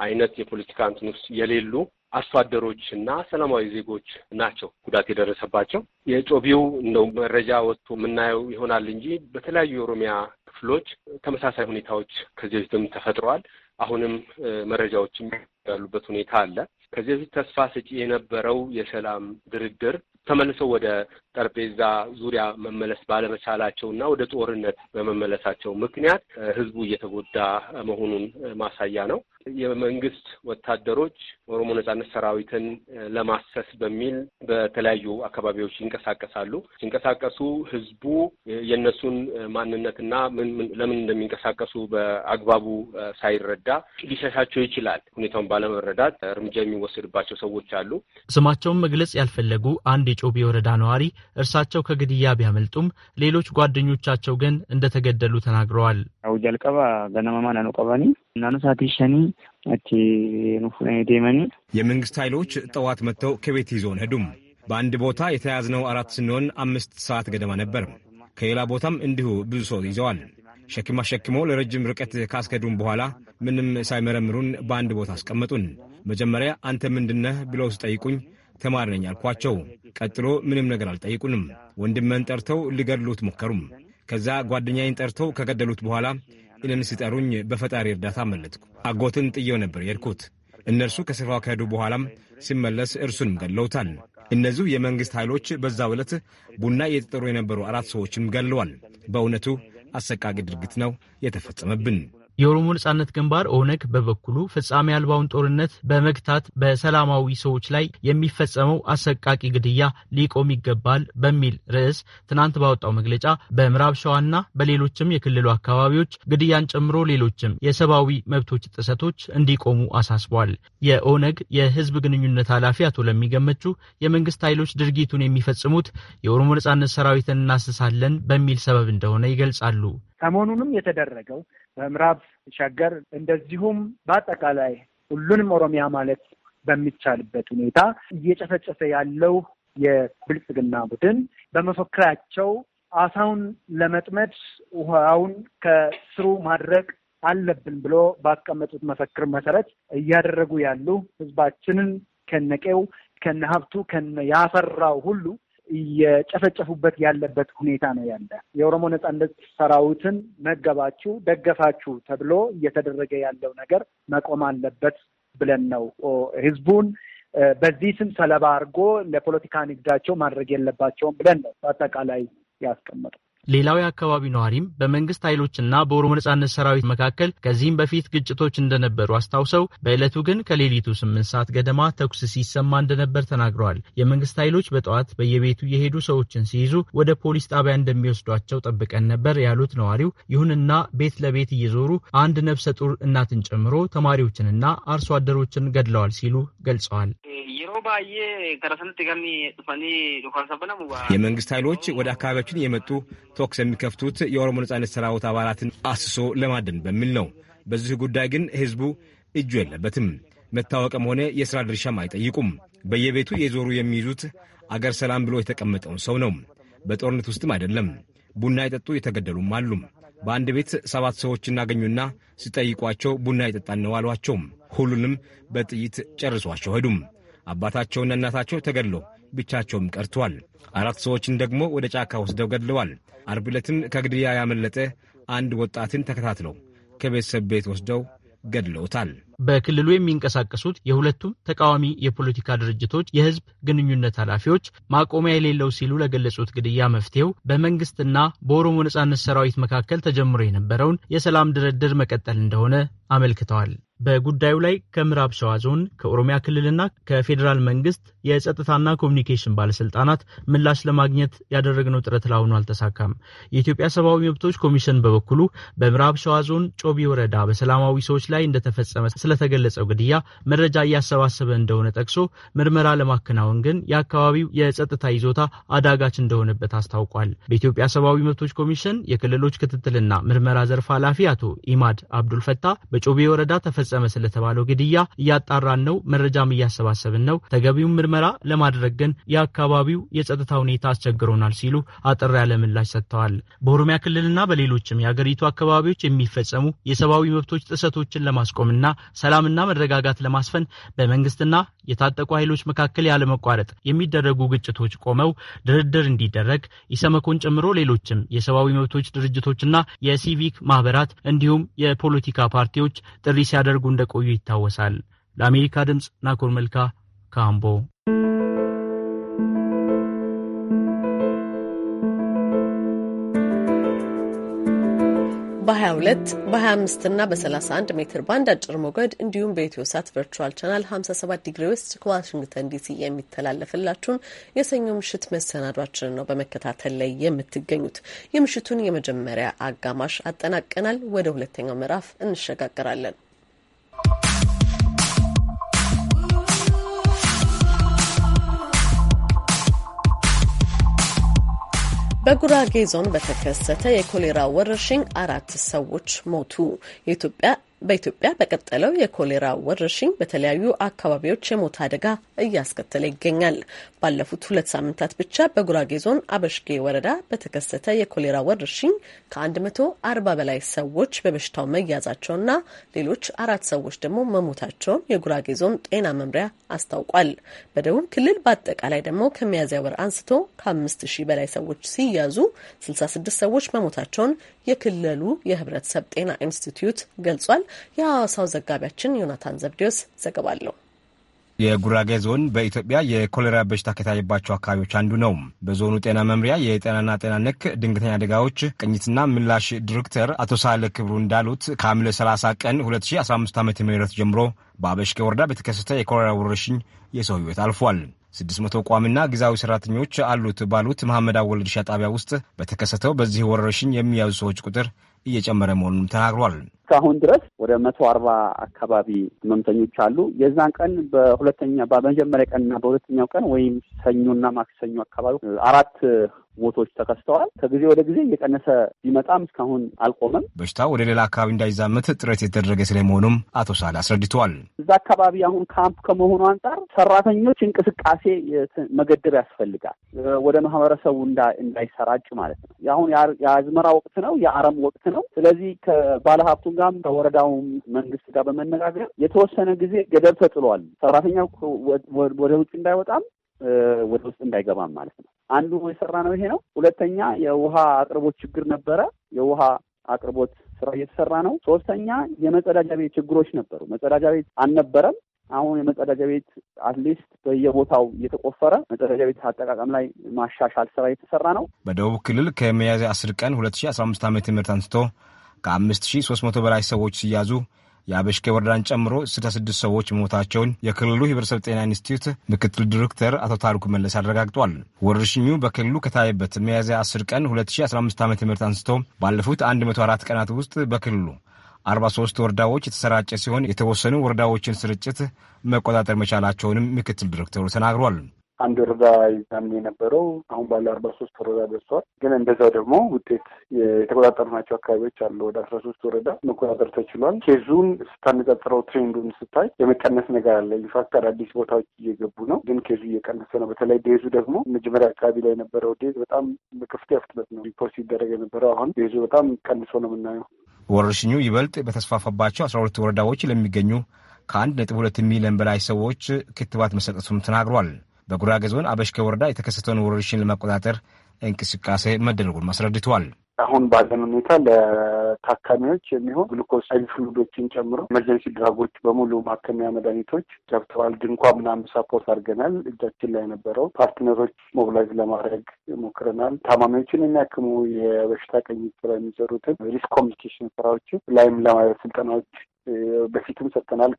አይነት የፖለቲካ እንትን ውስጥ የሌሉ አርሶ አደሮች እና ሰላማዊ ዜጎች ናቸው ጉዳት የደረሰባቸው። የጮቢው እንደው መረጃ ወጥቶ የምናየው ይሆናል እንጂ በተለያዩ የኦሮሚያ ክፍሎች ተመሳሳይ ሁኔታዎች ከዚህ በፊትም ተፈጥረዋል። አሁንም መረጃዎችም ያሉበት ሁኔታ አለ። ከዚህ በፊት ተስፋ ሰጪ የነበረው የሰላም ድርድር ተመልሶ ወደ ጠረጴዛ ዙሪያ መመለስ ባለመቻላቸው እና ወደ ጦርነት በመመለሳቸው ምክንያት ህዝቡ እየተጎዳ መሆኑን ማሳያ ነው። የመንግስት ወታደሮች ኦሮሞ ነጻነት ሰራዊትን ለማሰስ በሚል በተለያዩ አካባቢዎች ይንቀሳቀሳሉ። ሲንቀሳቀሱ ህዝቡ የእነሱን ማንነትና ለምን እንደሚንቀሳቀሱ በአግባቡ ሳይረዳ ሊሸሻቸው ይችላል። ሁኔታውን ባለመረዳት እርምጃ የሚወሰድባቸው ሰዎች አሉ። ስማቸውን መግለጽ ያልፈለጉ አንድ የጮቢ ወረዳ ነዋሪ እርሳቸው ከግድያ ቢያመልጡም ሌሎች ጓደኞቻቸው ግን እንደተገደሉ ተናግረዋል። የመንግስት ኃይሎች ጠዋት መጥተው ከቤት ይዞን ሄዱም። በአንድ ቦታ የተያዝነው አራት ስንሆን አምስት ሰዓት ገደማ ነበር። ከሌላ ቦታም እንዲሁ ብዙ ሰው ይዘዋል። ሸክም አሸክሞ ለረጅም ርቀት ካስከዱን በኋላ ምንም ሳይመረምሩን በአንድ ቦታ አስቀመጡን። መጀመሪያ አንተ ምንድነህ ብለው ሲጠይቁኝ ተማሪ ነኝ አልኳቸው። ቀጥሎ ምንም ነገር አልጠይቁንም። ወንድመን ጠርተው ሊገድሉት ሞከሩም። ከዛ ጓደኛዬን ጠርተው ከገደሉት በኋላ እኔን ሲጠሩኝ በፈጣሪ እርዳታ አመለጥኩ። አጎትን ጥየው ነበር የሄድኩት። እነርሱ ከስፍራው ከሄዱ በኋላም ሲመለስ እርሱንም ገድለውታል። እነዚሁ የመንግሥት ኃይሎች በዛ ዕለት ቡና እየተጠሩ የነበሩ አራት ሰዎችም ገድለዋል። በእውነቱ አሰቃቂ ድርጊት ነው የተፈጸመብን። የኦሮሞ ነጻነት ግንባር ኦነግ በበኩሉ ፍጻሜ አልባውን ጦርነት በመግታት በሰላማዊ ሰዎች ላይ የሚፈጸመው አሰቃቂ ግድያ ሊቆም ይገባል በሚል ርዕስ ትናንት ባወጣው መግለጫ በምዕራብ ሸዋና በሌሎችም የክልሉ አካባቢዎች ግድያን ጨምሮ ሌሎችም የሰብአዊ መብቶች ጥሰቶች እንዲቆሙ አሳስቧል። የኦነግ የህዝብ ግንኙነት ኃላፊ አቶ ለሚገመቹ የመንግስት ኃይሎች ድርጊቱን የሚፈጽሙት የኦሮሞ ነጻነት ሰራዊትን እናስሳለን በሚል ሰበብ እንደሆነ ይገልጻሉ። ሰሞኑንም የተደረገው በምዕራብ ሸገር እንደዚሁም በአጠቃላይ ሁሉንም ኦሮሚያ ማለት በሚቻልበት ሁኔታ እየጨፈጨፈ ያለው የብልጽግና ቡድን በመፈክራቸው አሳውን ለመጥመድ ውሃውን ከስሩ ማድረግ አለብን ብሎ ባስቀመጡት መፈክር መሰረት እያደረጉ ያሉ ህዝባችንን ከነቄው ከነ ሀብቱ ከነ ያፈራው ሁሉ እየጨፈጨፉበት ያለበት ሁኔታ ነው ያለ። የኦሮሞ ነጻነት ሰራዊትን መገባችሁ፣ ደገፋችሁ ተብሎ እየተደረገ ያለው ነገር መቆም አለበት ብለን ነው ህዝቡን በዚህ ስም ሰለባ አድርጎ ለፖለቲካ ንግዳቸው ማድረግ የለባቸውም ብለን ነው በአጠቃላይ ያስቀመጠው። ሌላው የአካባቢው ነዋሪም በመንግስት ኃይሎችና በኦሮሞ ነጻነት ሰራዊት መካከል ከዚህም በፊት ግጭቶች እንደነበሩ አስታውሰው በዕለቱ ግን ከሌሊቱ ስምንት ሰዓት ገደማ ተኩስ ሲሰማ እንደነበር ተናግረዋል። የመንግስት ኃይሎች በጠዋት በየቤቱ የሄዱ ሰዎችን ሲይዙ ወደ ፖሊስ ጣቢያ እንደሚወስዷቸው ጠብቀን ነበር ያሉት ነዋሪው፣ ይሁንና ቤት ለቤት እየዞሩ አንድ ነፍሰ ጡር እናትን ጨምሮ ተማሪዎችንና አርሶ አደሮችን ገድለዋል ሲሉ ገልጸዋል። የመንግስት ኃይሎች ወደ አካባቢያችን የመጡ ተኩስ የሚከፍቱት የኦሮሞ ነጻነት ሰራዊት አባላትን አስሶ ለማደን በሚል ነው። በዚህ ጉዳይ ግን ህዝቡ እጁ የለበትም። መታወቅም ሆነ የሥራ ድርሻም አይጠይቁም። በየቤቱ የዞሩ የሚይዙት አገር ሰላም ብሎ የተቀመጠውን ሰው ነው። በጦርነት ውስጥም አይደለም። ቡና የጠጡ የተገደሉም አሉ። በአንድ ቤት ሰባት ሰዎች እናገኙና ሲጠይቋቸው ቡና የጠጣን ነው አሏቸው። ሁሉንም በጥይት ጨርሷቸው ሄዱም። አባታቸውና እናታቸው ተገድለው ብቻቸውም ቀርተዋል። አራት ሰዎችን ደግሞ ወደ ጫካ ወስደው ገድለዋል። አርብ ዕለትም ከግድያ ያመለጠ አንድ ወጣትን ተከታትለው ከቤተሰብ ቤት ወስደው ገድለውታል። በክልሉ የሚንቀሳቀሱት የሁለቱም ተቃዋሚ የፖለቲካ ድርጅቶች የህዝብ ግንኙነት ኃላፊዎች ማቆሚያ የሌለው ሲሉ ለገለጹት ግድያ መፍትሄው በመንግስትና በኦሮሞ ነጻነት ሰራዊት መካከል ተጀምሮ የነበረውን የሰላም ድርድር መቀጠል እንደሆነ አመልክተዋል። በጉዳዩ ላይ ከምዕራብ ሸዋ ዞን ከኦሮሚያ ክልልና ከፌዴራል መንግስት የጸጥታና ኮሚኒኬሽን ባለስልጣናት ምላሽ ለማግኘት ያደረግነው ጥረት ለአሁኑ አልተሳካም። የኢትዮጵያ ሰብአዊ መብቶች ኮሚሽን በበኩሉ በምዕራብ ሸዋ ዞን ጮቢ ወረዳ በሰላማዊ ሰዎች ላይ እንደተፈጸመ ስለተገለጸው ግድያ መረጃ እያሰባሰበ እንደሆነ ጠቅሶ ምርመራ ለማከናወን ግን የአካባቢው የጸጥታ ይዞታ አዳጋች እንደሆነበት አስታውቋል። በኢትዮጵያ ሰብአዊ መብቶች ኮሚሽን የክልሎች ክትትልና ምርመራ ዘርፍ ኃላፊ አቶ ኢማድ አብዱልፈታ በጮቤ ወረዳ ተፈጸመ ስለተባለው ግድያ እያጣራን ነው፣ መረጃም እያሰባሰብን ነው። ተገቢውን ምርመራ ለማድረግ ግን የአካባቢው የጸጥታ ሁኔታ አስቸግሮናል ሲሉ አጠር ያለ ምላሽ ሰጥተዋል። በኦሮሚያ ክልልና በሌሎችም የአገሪቱ አካባቢዎች የሚፈጸሙ የሰብአዊ መብቶች ጥሰቶችን ለማስቆምና ሰላምና መረጋጋት ለማስፈን በመንግስትና የታጠቁ ኃይሎች መካከል ያለመቋረጥ የሚደረጉ ግጭቶች ቆመው ድርድር እንዲደረግ ኢሰመኮን ጨምሮ ሌሎችም የሰብአዊ መብቶች ድርጅቶችና የሲቪክ ማህበራት እንዲሁም የፖለቲካ ፓርቲዎች ጥሪ ሲያደርጉ እንደቆዩ ይታወሳል። ለአሜሪካ ድምፅ ናኮር መልካ ካምቦ በ22 በ25 እና በ31 ሜትር ባንድ አጭር ሞገድ እንዲሁም በኢትዮ ሳት ቨርቹዋል ቻናል 57 ዲግሪ ውስጥ ከዋሽንግተን ዲሲ የሚተላለፍላችሁን የሰኞ ምሽት መሰናዷችን ነው በመከታተል ላይ የምትገኙት። የምሽቱን የመጀመሪያ አጋማሽ አጠናቀናል። ወደ ሁለተኛው ምዕራፍ እንሸጋገራለን። በጉራጌ ዞን በተከሰተ የኮሌራ ወረርሽኝ አራት ሰዎች ሞቱ። የኢትዮጵያ በኢትዮጵያ በቀጠለው የኮሌራ ወረርሽኝ በተለያዩ አካባቢዎች የሞት አደጋ እያስከተለ ይገኛል። ባለፉት ሁለት ሳምንታት ብቻ በጉራጌ ዞን አበሽጌ ወረዳ በተከሰተ የኮሌራ ወረርሽኝ ከ140 በላይ ሰዎች በበሽታው መያዛቸውና ሌሎች አራት ሰዎች ደግሞ መሞታቸውን የጉራጌ ዞን ጤና መምሪያ አስታውቋል። በደቡብ ክልል በአጠቃላይ ደግሞ ከሚያዝያ ወር አንስቶ ከአምስት ሺህ በላይ ሰዎች ሲያዙ 66 ሰዎች መሞታቸውን የክልሉ የህብረተሰብ ጤና ኢንስቲትዩት ገልጿል። የሐዋሳው ዘጋቢያችን ዮናታን ዘብዴዎስ ዘገባ አለው። የጉራጌ ዞን በኢትዮጵያ የኮሌራ በሽታ ከታየባቸው አካባቢዎች አንዱ ነው። በዞኑ ጤና መምሪያ የጤናና ጤና ነክ ድንገተኛ አደጋዎች ቅኝትና ምላሽ ዲሬክተር አቶ ሳለ ክብሩ እንዳሉት ከሐምሌ 30 ቀን 2015 ዓ ም ጀምሮ በአበሽጌ ወረዳ በተከሰተ የኮሌራ ወረርሽኝ የሰው ሕይወት አልፏል። 600 ቋሚና ጊዜያዊ ሰራተኞች አሉት ባሉት መሐመድ አወል ጣቢያ ውስጥ በተከሰተው በዚህ ወረርሽኝ የሚያዙ ሰዎች ቁጥር እየጨመረ መሆኑንም ተናግሯል። እስካሁን ድረስ ወደ መቶ አርባ አካባቢ ህመምተኞች አሉ። የዛን ቀን በሁለተኛ በመጀመሪያ ቀንና በሁለተኛው ቀን ወይም ሰኞና ማክሰኞ አካባቢ አራት ሞቶች ተከስተዋል። ከጊዜ ወደ ጊዜ እየቀነሰ ቢመጣም እስካሁን አልቆመም። በሽታው ወደ ሌላ አካባቢ እንዳይዛመት ጥረት የተደረገ ስለመሆኑም አቶ ሳል አስረድተዋል። እዛ አካባቢ አሁን ካምፕ ከመሆኑ አንጻር ሰራተኞች እንቅስቃሴ መገደብ ያስፈልጋል፣ ወደ ማህበረሰቡ እንዳይሰራጭ ማለት ነው። አሁን የአዝመራ ወቅት ነው፣ የአረም ወቅት ነው። ስለዚህ ከባለሀብቱ ጋርም ከወረዳውም መንግስት ጋር በመነጋገር የተወሰነ ጊዜ ገደብ ተጥሏል። ሰራተኛው ወደ ውጭ እንዳይወጣም ወደ ውስጥ እንዳይገባም ማለት ነው። አንዱ የሰራ ነው ይሄ ነው። ሁለተኛ የውሃ አቅርቦት ችግር ነበረ። የውሃ አቅርቦት ስራ እየተሰራ ነው። ሶስተኛ የመጸዳጃ ቤት ችግሮች ነበሩ። መጸዳጃ ቤት አልነበረም። አሁን የመጸዳጃ ቤት አትሊስት በየቦታው እየተቆፈረ መጸዳጃ ቤት አጠቃቀም ላይ ማሻሻል ስራ እየተሰራ ነው። በደቡብ ክልል ከሚያዝያ አስር ቀን ሁለት ሺ አስራ አምስት ዓመተ ምህረት አንስቶ ከአምስት ሺ ሶስት መቶ በላይ ሰዎች ሲያዙ የአበሽኬ ወረዳን ጨምሮ ስልሳ ስድስት ሰዎች መሞታቸውን የክልሉ ህብረተሰብ ጤና ኢንስቲትዩት ምክትል ዲሬክተር አቶ ታሪኩ መለስ አረጋግጧል። ወረርሽኙ በክልሉ ከታየበት ሚያዝያ 10 ቀን 2015 ዓ ም አንስቶ ባለፉት 104 ቀናት ውስጥ በክልሉ 43 ወረዳዎች የተሰራጨ ሲሆን የተወሰኑ ወረዳዎችን ስርጭት መቆጣጠር መቻላቸውንም ምክትል ዲሬክተሩ ተናግሯል። አንድ ወረዳ ይዛምን የነበረው አሁን ባለ አርባ ሶስት ወረዳ ደርሷል። ግን እንደዛው ደግሞ ውጤት የተቆጣጠርናቸው አካባቢዎች አሉ። ወደ አስራ ሶስት ወረዳ መቆጣጠር ተችሏል። ኬዙን ስታነጻጽረው ትሬንዱን ስታይ የመቀነስ ነገር አለ። ኢንፋክት አዳዲስ ቦታዎች እየገቡ ነው፣ ግን ኬዙ እየቀነሰ ነው። በተለይ ዴዙ ደግሞ መጀመሪያ አካባቢ ላይ የነበረው ዴዝ በጣም በከፍተኛ ፍጥነት ነው ሪፖርት ሲደረግ የነበረው። አሁን ዴዙ በጣም ቀንሶ ነው የምናየው። ወረርሽኙ ይበልጥ በተስፋፋባቸው አስራ ሁለት ወረዳዎች ለሚገኙ ከአንድ ነጥብ ሁለት ሚሊዮን በላይ ሰዎች ክትባት መሰጠቱም ተናግሯል። በጉራጌ ዞን አበሽከ ወረዳ የተከሰተውን ወረርሽኝ ለመቆጣጠር እንቅስቃሴ መደረጉን አስረድተዋል። አሁን ባለን ሁኔታ ለታካሚዎች የሚሆን ግሉኮስ አይቪ ፍሉዶችን ጨምሮ ኤመርጀንሲ ድራጎች በሙሉ ማከሚያ መድኃኒቶች ገብተዋል። ድንኳ ምናምን ሳፖርት አድርገናል። እጃችን ላይ የነበረው ፓርትነሮች ሞብላይዝ ለማድረግ ሞክረናል። ታማሚዎችን የሚያክሙ የበሽታ ቀኝ ስራ የሚሰሩትን ሪስክ ኮሚኒኬሽን ስራዎችን ላይም ለማለት ስልጠናዎች በፊትም ሰጥተናል።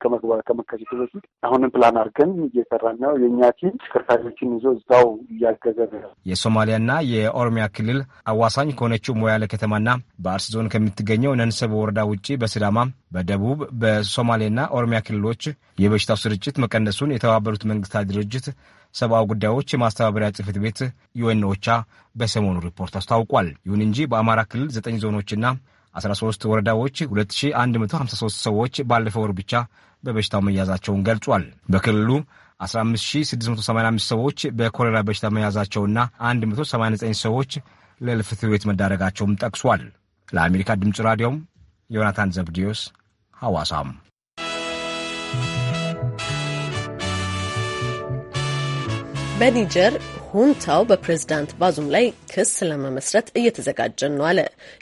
ከመከሰቱ በፊት አሁንም ፕላን አድርገን እየሰራን ነው። የእኛ ቲም ተሽከርካሪዎችን ይዞ እዛው እያገዘ ነው። የሶማሊያና የኦሮሚያ ክልል አዋሳኝ ከሆነችው ሞያሌ ከተማና በአርሲ ዞን ከምትገኘው ነንሰብ ወረዳ ውጭ በስዳማ በደቡብ በሶማሌና ኦሮሚያ ክልሎች የበሽታው ስርጭት መቀነሱን የተባበሩት መንግስታት ድርጅት ሰብአዊ ጉዳዮች የማስተባበሪያ ጽህፈት ቤት ዩኤንኦቻ በሰሞኑ ሪፖርት አስታውቋል። ይሁን እንጂ በአማራ ክልል ዘጠኝ ዞኖችና 13 ወረዳዎች 2153 ሰዎች ባለፈው ወር ብቻ በበሽታው መያዛቸውን ገልጿል። በክልሉ 15685 ሰዎች በኮሌራ በሽታ መያዛቸውና 189 ሰዎች ለልፍት ቤት መዳረጋቸውም ጠቅሷል። ለአሜሪካ ድምፅ ራዲዮም ዮናታን ዘብዲዮስ ሐዋሳም በኒጀር ሁንታው በፕሬዝዳንት ባዙም ላይ ክስ ለመመስረት እየተዘጋጀን ነው አለ።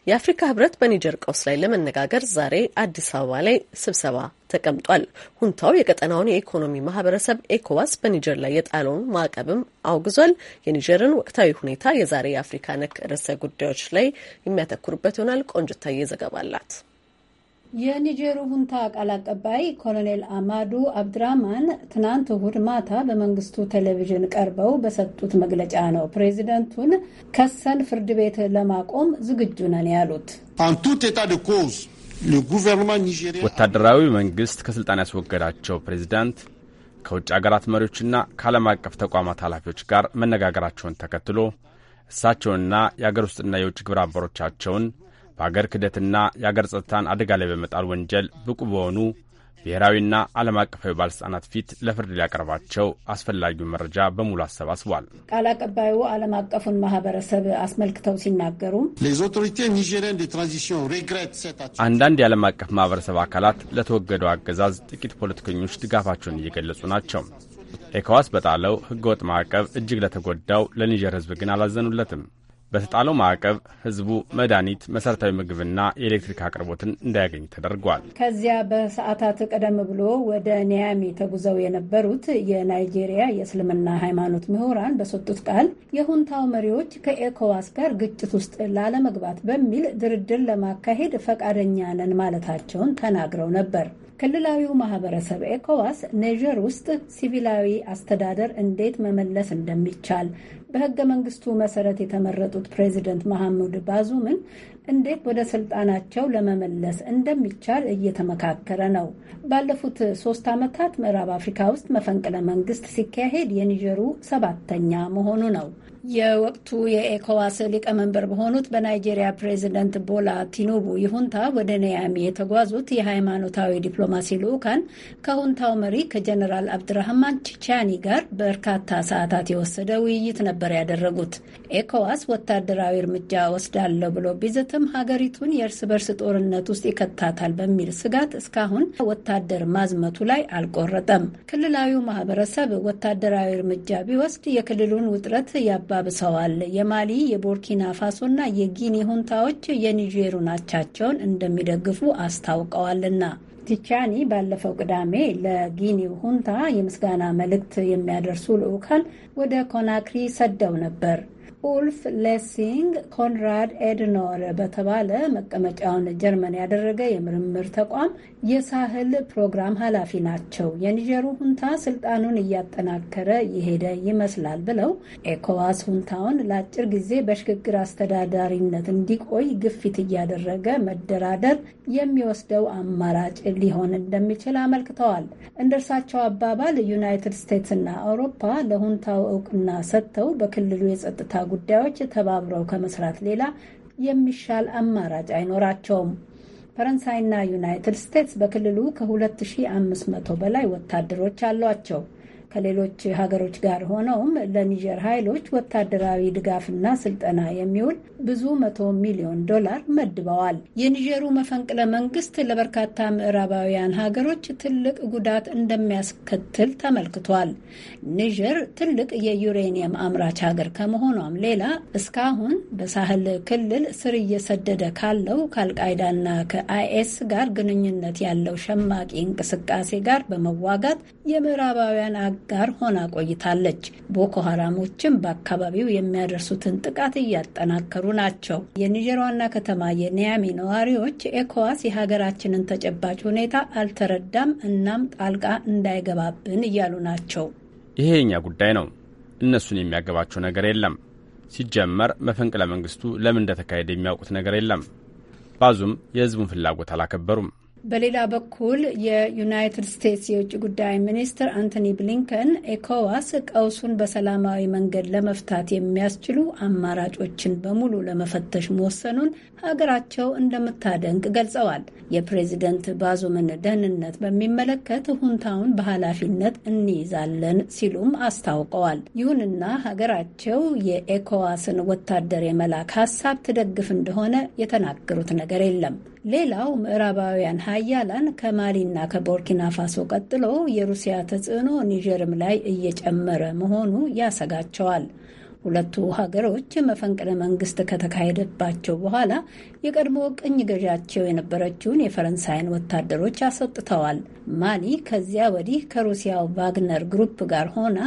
የአፍሪካ ህብረት በኒጀር ቀውስ ላይ ለመነጋገር ዛሬ አዲስ አበባ ላይ ስብሰባ ተቀምጧል። ሁንታው የቀጠናውን የኢኮኖሚ ማህበረሰብ ኤኮዋስ በኒጀር ላይ የጣለውን ማዕቀብም አውግዟል። የኒጀርን ወቅታዊ ሁኔታ የዛሬ የአፍሪካ ነክ ርዕሰ ጉዳዮች ላይ የሚያተኩርበት ይሆናል። ቆንጅታዬ ዘገባ አላት። የኒጀሩ ሁንታ ቃል አቀባይ ኮሎኔል አማዱ አብድራማን ትናንት እሁድ ማታ በመንግስቱ ቴሌቪዥን ቀርበው በሰጡት መግለጫ ነው ፕሬዚደንቱን ከሰን ፍርድ ቤት ለማቆም ዝግጁ ነን ያሉት። ወታደራዊ መንግስት ከስልጣን ያስወገዳቸው ፕሬዚዳንት ከውጭ አገራት መሪዎችና ከዓለም አቀፍ ተቋማት ኃላፊዎች ጋር መነጋገራቸውን ተከትሎ እሳቸውንና የአገር ውስጥና የውጭ ግብረ አበሮቻቸውን በአገር ክህደትና የአገር ጸጥታን አደጋ ላይ በመጣል ወንጀል ብቁ በሆኑ ብሔራዊና ዓለም አቀፋዊ ባለሥልጣናት ፊት ለፍርድ ሊያቀርባቸው አስፈላጊውን መረጃ በሙሉ አሰባስቧል። ቃል አቀባዩ ዓለም አቀፉን ማህበረሰብ አስመልክተው ሲናገሩ አንዳንድ የዓለም አቀፍ ማህበረሰብ አካላት ለተወገደው አገዛዝ ጥቂት ፖለቲከኞች ድጋፋቸውን እየገለጹ ናቸው። ኤካዋስ በጣለው ሕገወጥ ማዕቀብ እጅግ ለተጎዳው ለኒጀር ሕዝብ ግን አላዘኑለትም። በተጣለው ማዕቀብ ህዝቡ መድኃኒት፣ መሠረታዊ ምግብና የኤሌክትሪክ አቅርቦትን እንዳያገኝ ተደርጓል። ከዚያ በሰዓታት ቀደም ብሎ ወደ ኒያሚ ተጉዘው የነበሩት የናይጄሪያ የእስልምና ሃይማኖት ምሁራን በሰጡት ቃል የሁንታው መሪዎች ከኤኮዋስ ጋር ግጭት ውስጥ ላለመግባት በሚል ድርድር ለማካሄድ ፈቃደኛ ነን ማለታቸውን ተናግረው ነበር። ክልላዊው ማህበረሰብ ኤኮዋስ ኒጀር ውስጥ ሲቪላዊ አስተዳደር እንዴት መመለስ እንደሚቻል በህገ መንግስቱ መሰረት የተመረጡት ፕሬዚደንት መሐሙድ ባዙምን እንዴት ወደ ስልጣናቸው ለመመለስ እንደሚቻል እየተመካከረ ነው። ባለፉት ሶስት ዓመታት ምዕራብ አፍሪካ ውስጥ መፈንቅለ መንግስት ሲካሄድ የኒጀሩ ሰባተኛ መሆኑ ነው። የወቅቱ የኤኮዋስ ሊቀመንበር በሆኑት በናይጄሪያ ፕሬዚደንት ቦላ ቲኑቡ ይሁንታ ወደ ኒያሚ የተጓዙት የሃይማኖታዊ ዲፕሎማሲ ልዑካን ከሁንታው መሪ ከጀነራል አብድራህማን ቺቻኒ ጋር በርካታ ሰዓታት የወሰደ ውይይት ነበር ያደረጉት። ኤኮዋስ ወታደራዊ እርምጃ ወስዳለሁ ብሎ ቢዝትም ሀገሪቱን የእርስ በርስ ጦርነት ውስጥ ይከታታል በሚል ስጋት እስካሁን ወታደር ማዝመቱ ላይ አልቆረጠም። ክልላዊው ማህበረሰብ ወታደራዊ እርምጃ ቢወስድ የክልሉን ውጥረት ያባ አባብሰዋል። የማሊ የቡርኪና ፋሶና የጊኒ ሁንታዎች የኒጀሩ ናቻቸውን እንደሚደግፉ አስታውቀዋልና ቲቻኒ ባለፈው ቅዳሜ ለጊኒው ሁንታ የምስጋና መልእክት የሚያደርሱ ልዑካን ወደ ኮናክሪ ሰደው ነበር። ኡልፍ ሌሲንግ ኮንራድ ኤድኖር በተባለ መቀመጫውን ጀርመን ያደረገ የምርምር ተቋም የሳህል ፕሮግራም ኃላፊ ናቸው። የኒጀሩ ሁንታ ስልጣኑን እያጠናከረ የሄደ ይመስላል ብለው ኤኮዋስ ሁንታውን ለአጭር ጊዜ በሽግግር አስተዳዳሪነት እንዲቆይ ግፊት እያደረገ መደራደር የሚወስደው አማራጭ ሊሆን እንደሚችል አመልክተዋል። እንደ እርሳቸው አባባል ዩናይትድ እና አውሮፓ ለሁንታው እውቅና ሰጥተው በክልሉ የጸጥታ ጉዳዮች ተባብረው ከመስራት ሌላ የሚሻል አማራጭ አይኖራቸውም። ፈረንሳይና ዩናይትድ ስቴትስ በክልሉ ከ2500 በላይ ወታደሮች አሏቸው። ከሌሎች ሀገሮች ጋር ሆነውም ለኒጀር ኃይሎች ወታደራዊ ድጋፍና ስልጠና የሚውል ብዙ መቶ ሚሊዮን ዶላር መድበዋል። የኒጀሩ መፈንቅለ መንግስት ለበርካታ ምዕራባውያን ሀገሮች ትልቅ ጉዳት እንደሚያስከትል ተመልክቷል። ኒጀር ትልቅ የዩሬኒየም አምራች ሀገር ከመሆኗም ሌላ እስካሁን በሳህል ክልል ስር እየሰደደ ካለው ከአልቃይዳና ከአይኤስ ጋር ግንኙነት ያለው ሸማቂ እንቅስቃሴ ጋር በመዋጋት የምዕራባውያን ጋር ሆና ቆይታለች። ቦኮ ሀራሞችም በአካባቢው የሚያደርሱትን ጥቃት እያጠናከሩ ናቸው። የኒጀር ዋና ከተማ የኒያሚ ነዋሪዎች ኤኮዋስ የሀገራችንን ተጨባጭ ሁኔታ አልተረዳም፣ እናም ጣልቃ እንዳይገባብን እያሉ ናቸው። ይሄ የኛ ጉዳይ ነው። እነሱን የሚያገባቸው ነገር የለም። ሲጀመር መፈንቅለ መንግስቱ ለምን እንደተካሄደ የሚያውቁት ነገር የለም። ባዙም የህዝቡን ፍላጎት አላከበሩም። በሌላ በኩል የዩናይትድ ስቴትስ የውጭ ጉዳይ ሚኒስትር አንቶኒ ብሊንከን ኤኮዋስ ቀውሱን በሰላማዊ መንገድ ለመፍታት የሚያስችሉ አማራጮችን በሙሉ ለመፈተሽ መወሰኑን ሀገራቸው እንደምታደንቅ ገልጸዋል። የፕሬዚደንት ባዙምን ደህንነት በሚመለከት ሁንታውን በኃላፊነት እንይዛለን ሲሉም አስታውቀዋል። ይሁንና ሀገራቸው የኤኮዋስን ወታደር የመላክ ሀሳብ ትደግፍ እንደሆነ የተናገሩት ነገር የለም። ሌላው ምዕራባውያን ሀያላን ከማሊና ከቦርኪና ፋሶ ቀጥሎ የሩሲያ ተጽዕኖ ኒጀርም ላይ እየጨመረ መሆኑ ያሰጋቸዋል። ሁለቱ ሀገሮች መፈንቅለ መንግስት ከተካሄደባቸው በኋላ የቀድሞ ቅኝ ገዣቸው የነበረችውን የፈረንሳይን ወታደሮች አሰጥተዋል። ማሊ ከዚያ ወዲህ ከሩሲያው ቫግነር ግሩፕ ጋር ሆና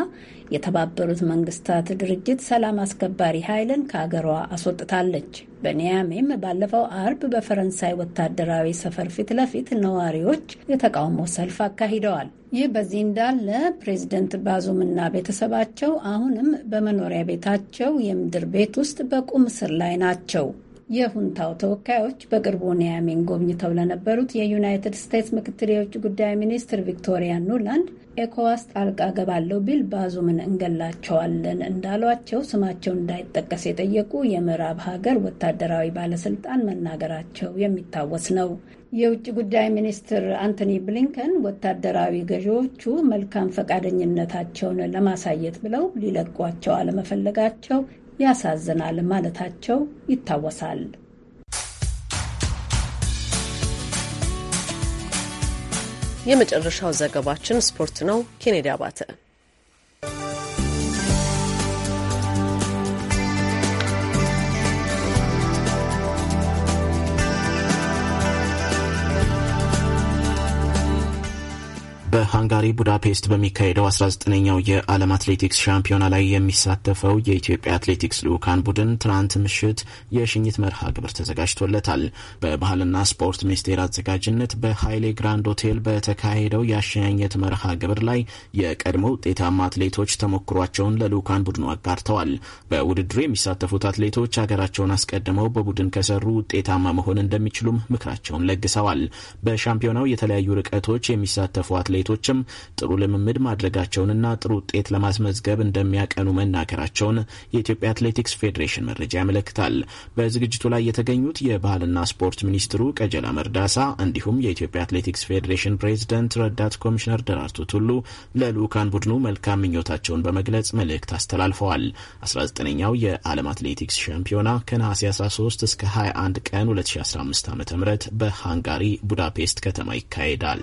የተባበሩት መንግስታት ድርጅት ሰላም አስከባሪ ኃይልን ከአገሯ አስወጥታለች። በኒያሜም ባለፈው አርብ በፈረንሳይ ወታደራዊ ሰፈር ፊት ለፊት ነዋሪዎች የተቃውሞ ሰልፍ አካሂደዋል። ይህ በዚህ እንዳለ ፕሬዚደንት ባዙምና ቤተሰባቸው አሁንም በመኖሪያ ቤታቸው የምድር ቤት ውስጥ በቁም እስር ላይ ናቸው። የሁንታው ተወካዮች በቅርቡ ኒያሚን ጎብኝተው ለነበሩት የዩናይትድ ስቴትስ ምክትል የውጭ ጉዳይ ሚኒስትር ቪክቶሪያ ኑላንድ ኤኮዋስ ጣልቃ ገባለው ቢል ባዙምን እንገላቸዋለን እንዳሏቸው ስማቸው እንዳይጠቀስ የጠየቁ የምዕራብ ሀገር ወታደራዊ ባለስልጣን መናገራቸው የሚታወስ ነው። የውጭ ጉዳይ ሚኒስትር አንቶኒ ብሊንከን ወታደራዊ ገዢዎቹ መልካም ፈቃደኝነታቸውን ለማሳየት ብለው ሊለቋቸው አለመፈለጋቸው ያሳዝናል ማለታቸው ይታወሳል። የመጨረሻው ዘገባችን ስፖርት ነው። ኬኔዲ አባተ በሃንጋሪ ቡዳፔስት በሚካሄደው 19ኛው የዓለም አትሌቲክስ ሻምፒዮና ላይ የሚሳተፈው የኢትዮጵያ አትሌቲክስ ልዑካን ቡድን ትናንት ምሽት የሽኝት መርሃ ግብር ተዘጋጅቶለታል። በባህልና ስፖርት ሚኒስቴር አዘጋጅነት በሃይሌ ግራንድ ሆቴል በተካሄደው የአሸኛኘት መርሃ ግብር ላይ የቀድሞ ውጤታማ አትሌቶች ተሞክሯቸውን ለልዑካን ቡድኑ አጋርተዋል። በውድድሩ የሚሳተፉት አትሌቶች ሀገራቸውን አስቀድመው በቡድን ከሰሩ ውጤታማ መሆን እንደሚችሉም ምክራቸውን ለግሰዋል። በሻምፒዮናው የተለያዩ ርቀቶች የሚሳተፉ አትሌቶች ሴቶችም ጥሩ ልምምድ ማድረጋቸውንና ጥሩ ውጤት ለማስመዝገብ እንደሚያቀኑ መናገራቸውን የኢትዮጵያ አትሌቲክስ ፌዴሬሽን መረጃ ያመለክታል። በዝግጅቱ ላይ የተገኙት የባህልና ስፖርት ሚኒስትሩ ቀጀላ መርዳሳ እንዲሁም የኢትዮጵያ አትሌቲክስ ፌዴሬሽን ፕሬዚደንት ረዳት ኮሚሽነር ደራርቱ ቱሉ ለልዑካን ቡድኑ መልካም ምኞታቸውን በመግለጽ መልእክት አስተላልፈዋል። 19ኛው የዓለም አትሌቲክስ ሻምፒዮና ከነሐሴ 13 እስከ 21 ቀን 2015 ዓ ም በሃንጋሪ ቡዳፔስት ከተማ ይካሄዳል።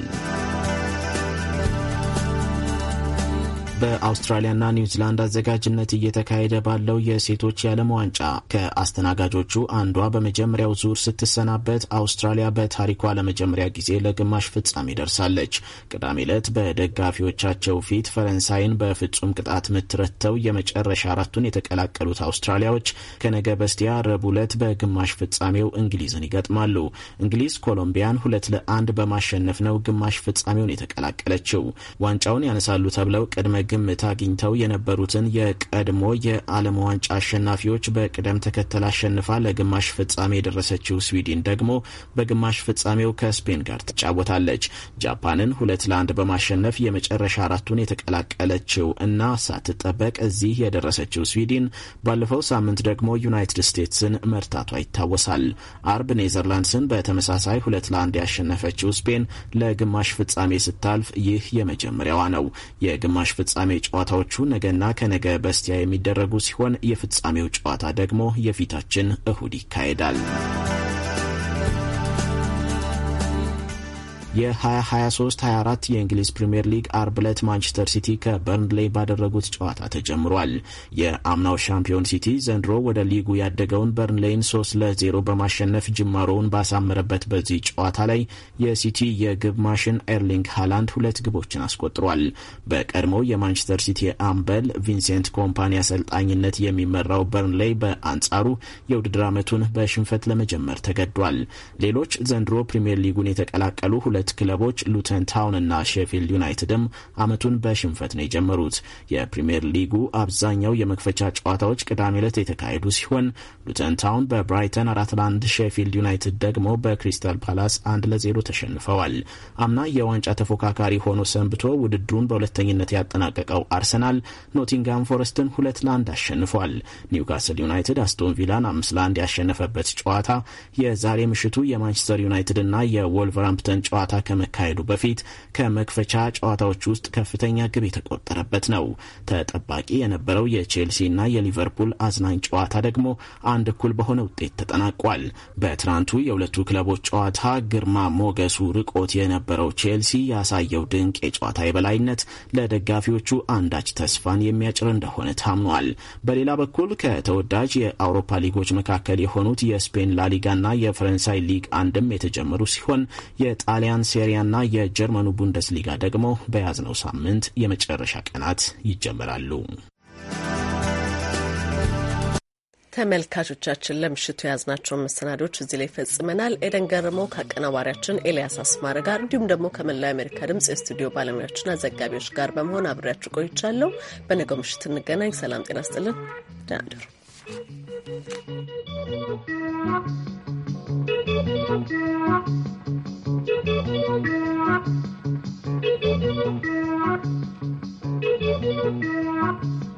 በአውስትራሊያና ኒውዚላንድ አዘጋጅነት እየተካሄደ ባለው የሴቶች የዓለም ዋንጫ ከአስተናጋጆቹ አንዷ በመጀመሪያው ዙር ስትሰናበት አውስትራሊያ በታሪኳ ለመጀመሪያ ጊዜ ለግማሽ ፍጻሜ ደርሳለች። ቅዳሜ ዕለት በደጋፊዎቻቸው ፊት ፈረንሳይን በፍጹም ቅጣት ምትረተው የመጨረሻ አራቱን የተቀላቀሉት አውስትራሊያዎች ከነገ በስቲያ ረቡዕ ዕለት በግማሽ ፍጻሜው እንግሊዝን ይገጥማሉ። እንግሊዝ ኮሎምቢያን ሁለት ለአንድ በማሸነፍ ነው ግማሽ ፍጻሜውን የተቀላቀለችው። ዋንጫውን ያነሳሉ ተብለው ቅድመ ግምት አግኝተው የነበሩትን የቀድሞ የዓለም ዋንጫ አሸናፊዎች በቅደም ተከተል አሸንፋ ለግማሽ ፍጻሜ የደረሰችው ስዊድን ደግሞ በግማሽ ፍጻሜው ከስፔን ጋር ትጫወታለች። ጃፓንን ሁለት ለአንድ በማሸነፍ የመጨረሻ አራቱን የተቀላቀለችው እና ሳትጠበቅ እዚህ የደረሰችው ስዊድን ባለፈው ሳምንት ደግሞ ዩናይትድ ስቴትስን መርታቷ ይታወሳል። አርብ ኔዘርላንድስን በተመሳሳይ ሁለት ለአንድ ያሸነፈችው ስፔን ለግማሽ ፍጻሜ ስታልፍ ይህ የመጀመሪያዋ ነው። የግማሽ ፍጻሜ የፍጻሜ ጨዋታዎቹ ነገና ከነገ በስቲያ የሚደረጉ ሲሆን የፍጻሜው ጨዋታ ደግሞ የፊታችን እሁድ ይካሄዳል። የ2023/24 የእንግሊዝ ፕሪምየር ሊግ አርብ ዕለት ማንቸስተር ሲቲ ከበርንሌ ባደረጉት ጨዋታ ተጀምሯል። የአምናው ሻምፒዮን ሲቲ ዘንድሮ ወደ ሊጉ ያደገውን በርንሌይን 3 ለ0 በማሸነፍ ጅማሮውን ባሳመረበት በዚህ ጨዋታ ላይ የሲቲ የግብ ማሽን ኤርሊንግ ሃላንድ ሁለት ግቦችን አስቆጥሯል። በቀድሞው የማንቸስተር ሲቲ አምበል ቪንሴንት ኮምፓኒ አሰልጣኝነት የሚመራው በርንሌይ በአንጻሩ የውድድር ዓመቱን በሽንፈት ለመጀመር ተገዷል። ሌሎች ዘንድሮ ፕሪምየር ሊጉን የተቀላቀሉ ሁለ ሁለት ክለቦች ሉተን ታውን እና ሼፊልድ ዩናይትድም አመቱን በሽንፈት ነው የጀመሩት። የፕሪምየር ሊጉ አብዛኛው የመክፈቻ ጨዋታዎች ቅዳሜ ዕለት የተካሄዱ ሲሆን ሉተን ታውን በብራይተን አራት ለአንድ፣ ሼፊልድ ዩናይትድ ደግሞ በክሪስታል ፓላስ አንድ ለዜሮ ተሸንፈዋል። አምና የዋንጫ ተፎካካሪ ሆኖ ሰንብቶ ውድድሩን በሁለተኝነት ያጠናቀቀው አርሰናል ኖቲንጋም ፎረስትን ሁለት ለአንድ አሸንፏል። ኒውካስል ዩናይትድ አስቶን ቪላን አምስት ለአንድ ያሸነፈበት ጨዋታ የዛሬ ምሽቱ የማንቸስተር እና የወልቨርሃምፕተን ጨዋታ ጨዋታ ከመካሄዱ በፊት ከመክፈቻ ጨዋታዎች ውስጥ ከፍተኛ ግብ የተቆጠረበት ነው። ተጠባቂ የነበረው የቼልሲና የሊቨርፑል አዝናኝ ጨዋታ ደግሞ አንድ እኩል በሆነ ውጤት ተጠናቋል። በትናንቱ የሁለቱ ክለቦች ጨዋታ ግርማ ሞገሱ ርቆት የነበረው ቼልሲ ያሳየው ድንቅ የጨዋታ የበላይነት ለደጋፊዎቹ አንዳች ተስፋን የሚያጭር እንደሆነ ታምኗል። በሌላ በኩል ከተወዳጅ የአውሮፓ ሊጎች መካከል የሆኑት የስፔን ላሊጋና የፈረንሳይ ሊግ አንድም የተጀመሩ ሲሆን የጣሊያን የጣሊያን ሴሪያና የጀርመኑ ቡንደስሊጋ ደግሞ በያዝነው ሳምንት የመጨረሻ ቀናት ይጀምራሉ። ተመልካቾቻችን ለምሽቱ የያዝናቸውን መሰናዶች እዚህ ላይ ፈጽመናል። ኤደን ገርመው ከአቀናባሪያችን ኤልያስ አስማረ ጋር እንዲሁም ደግሞ ከመላው የአሜሪካ ድምጽ የስቱዲዮ ባለሙያዎችና ዘጋቢዎች ጋር በመሆን አብሬያችሁ ቆይቻለሁ። በነገው ምሽት እንገናኝ። ሰላም ጤና ስጥልን። ደህና እደሩ። Thank you.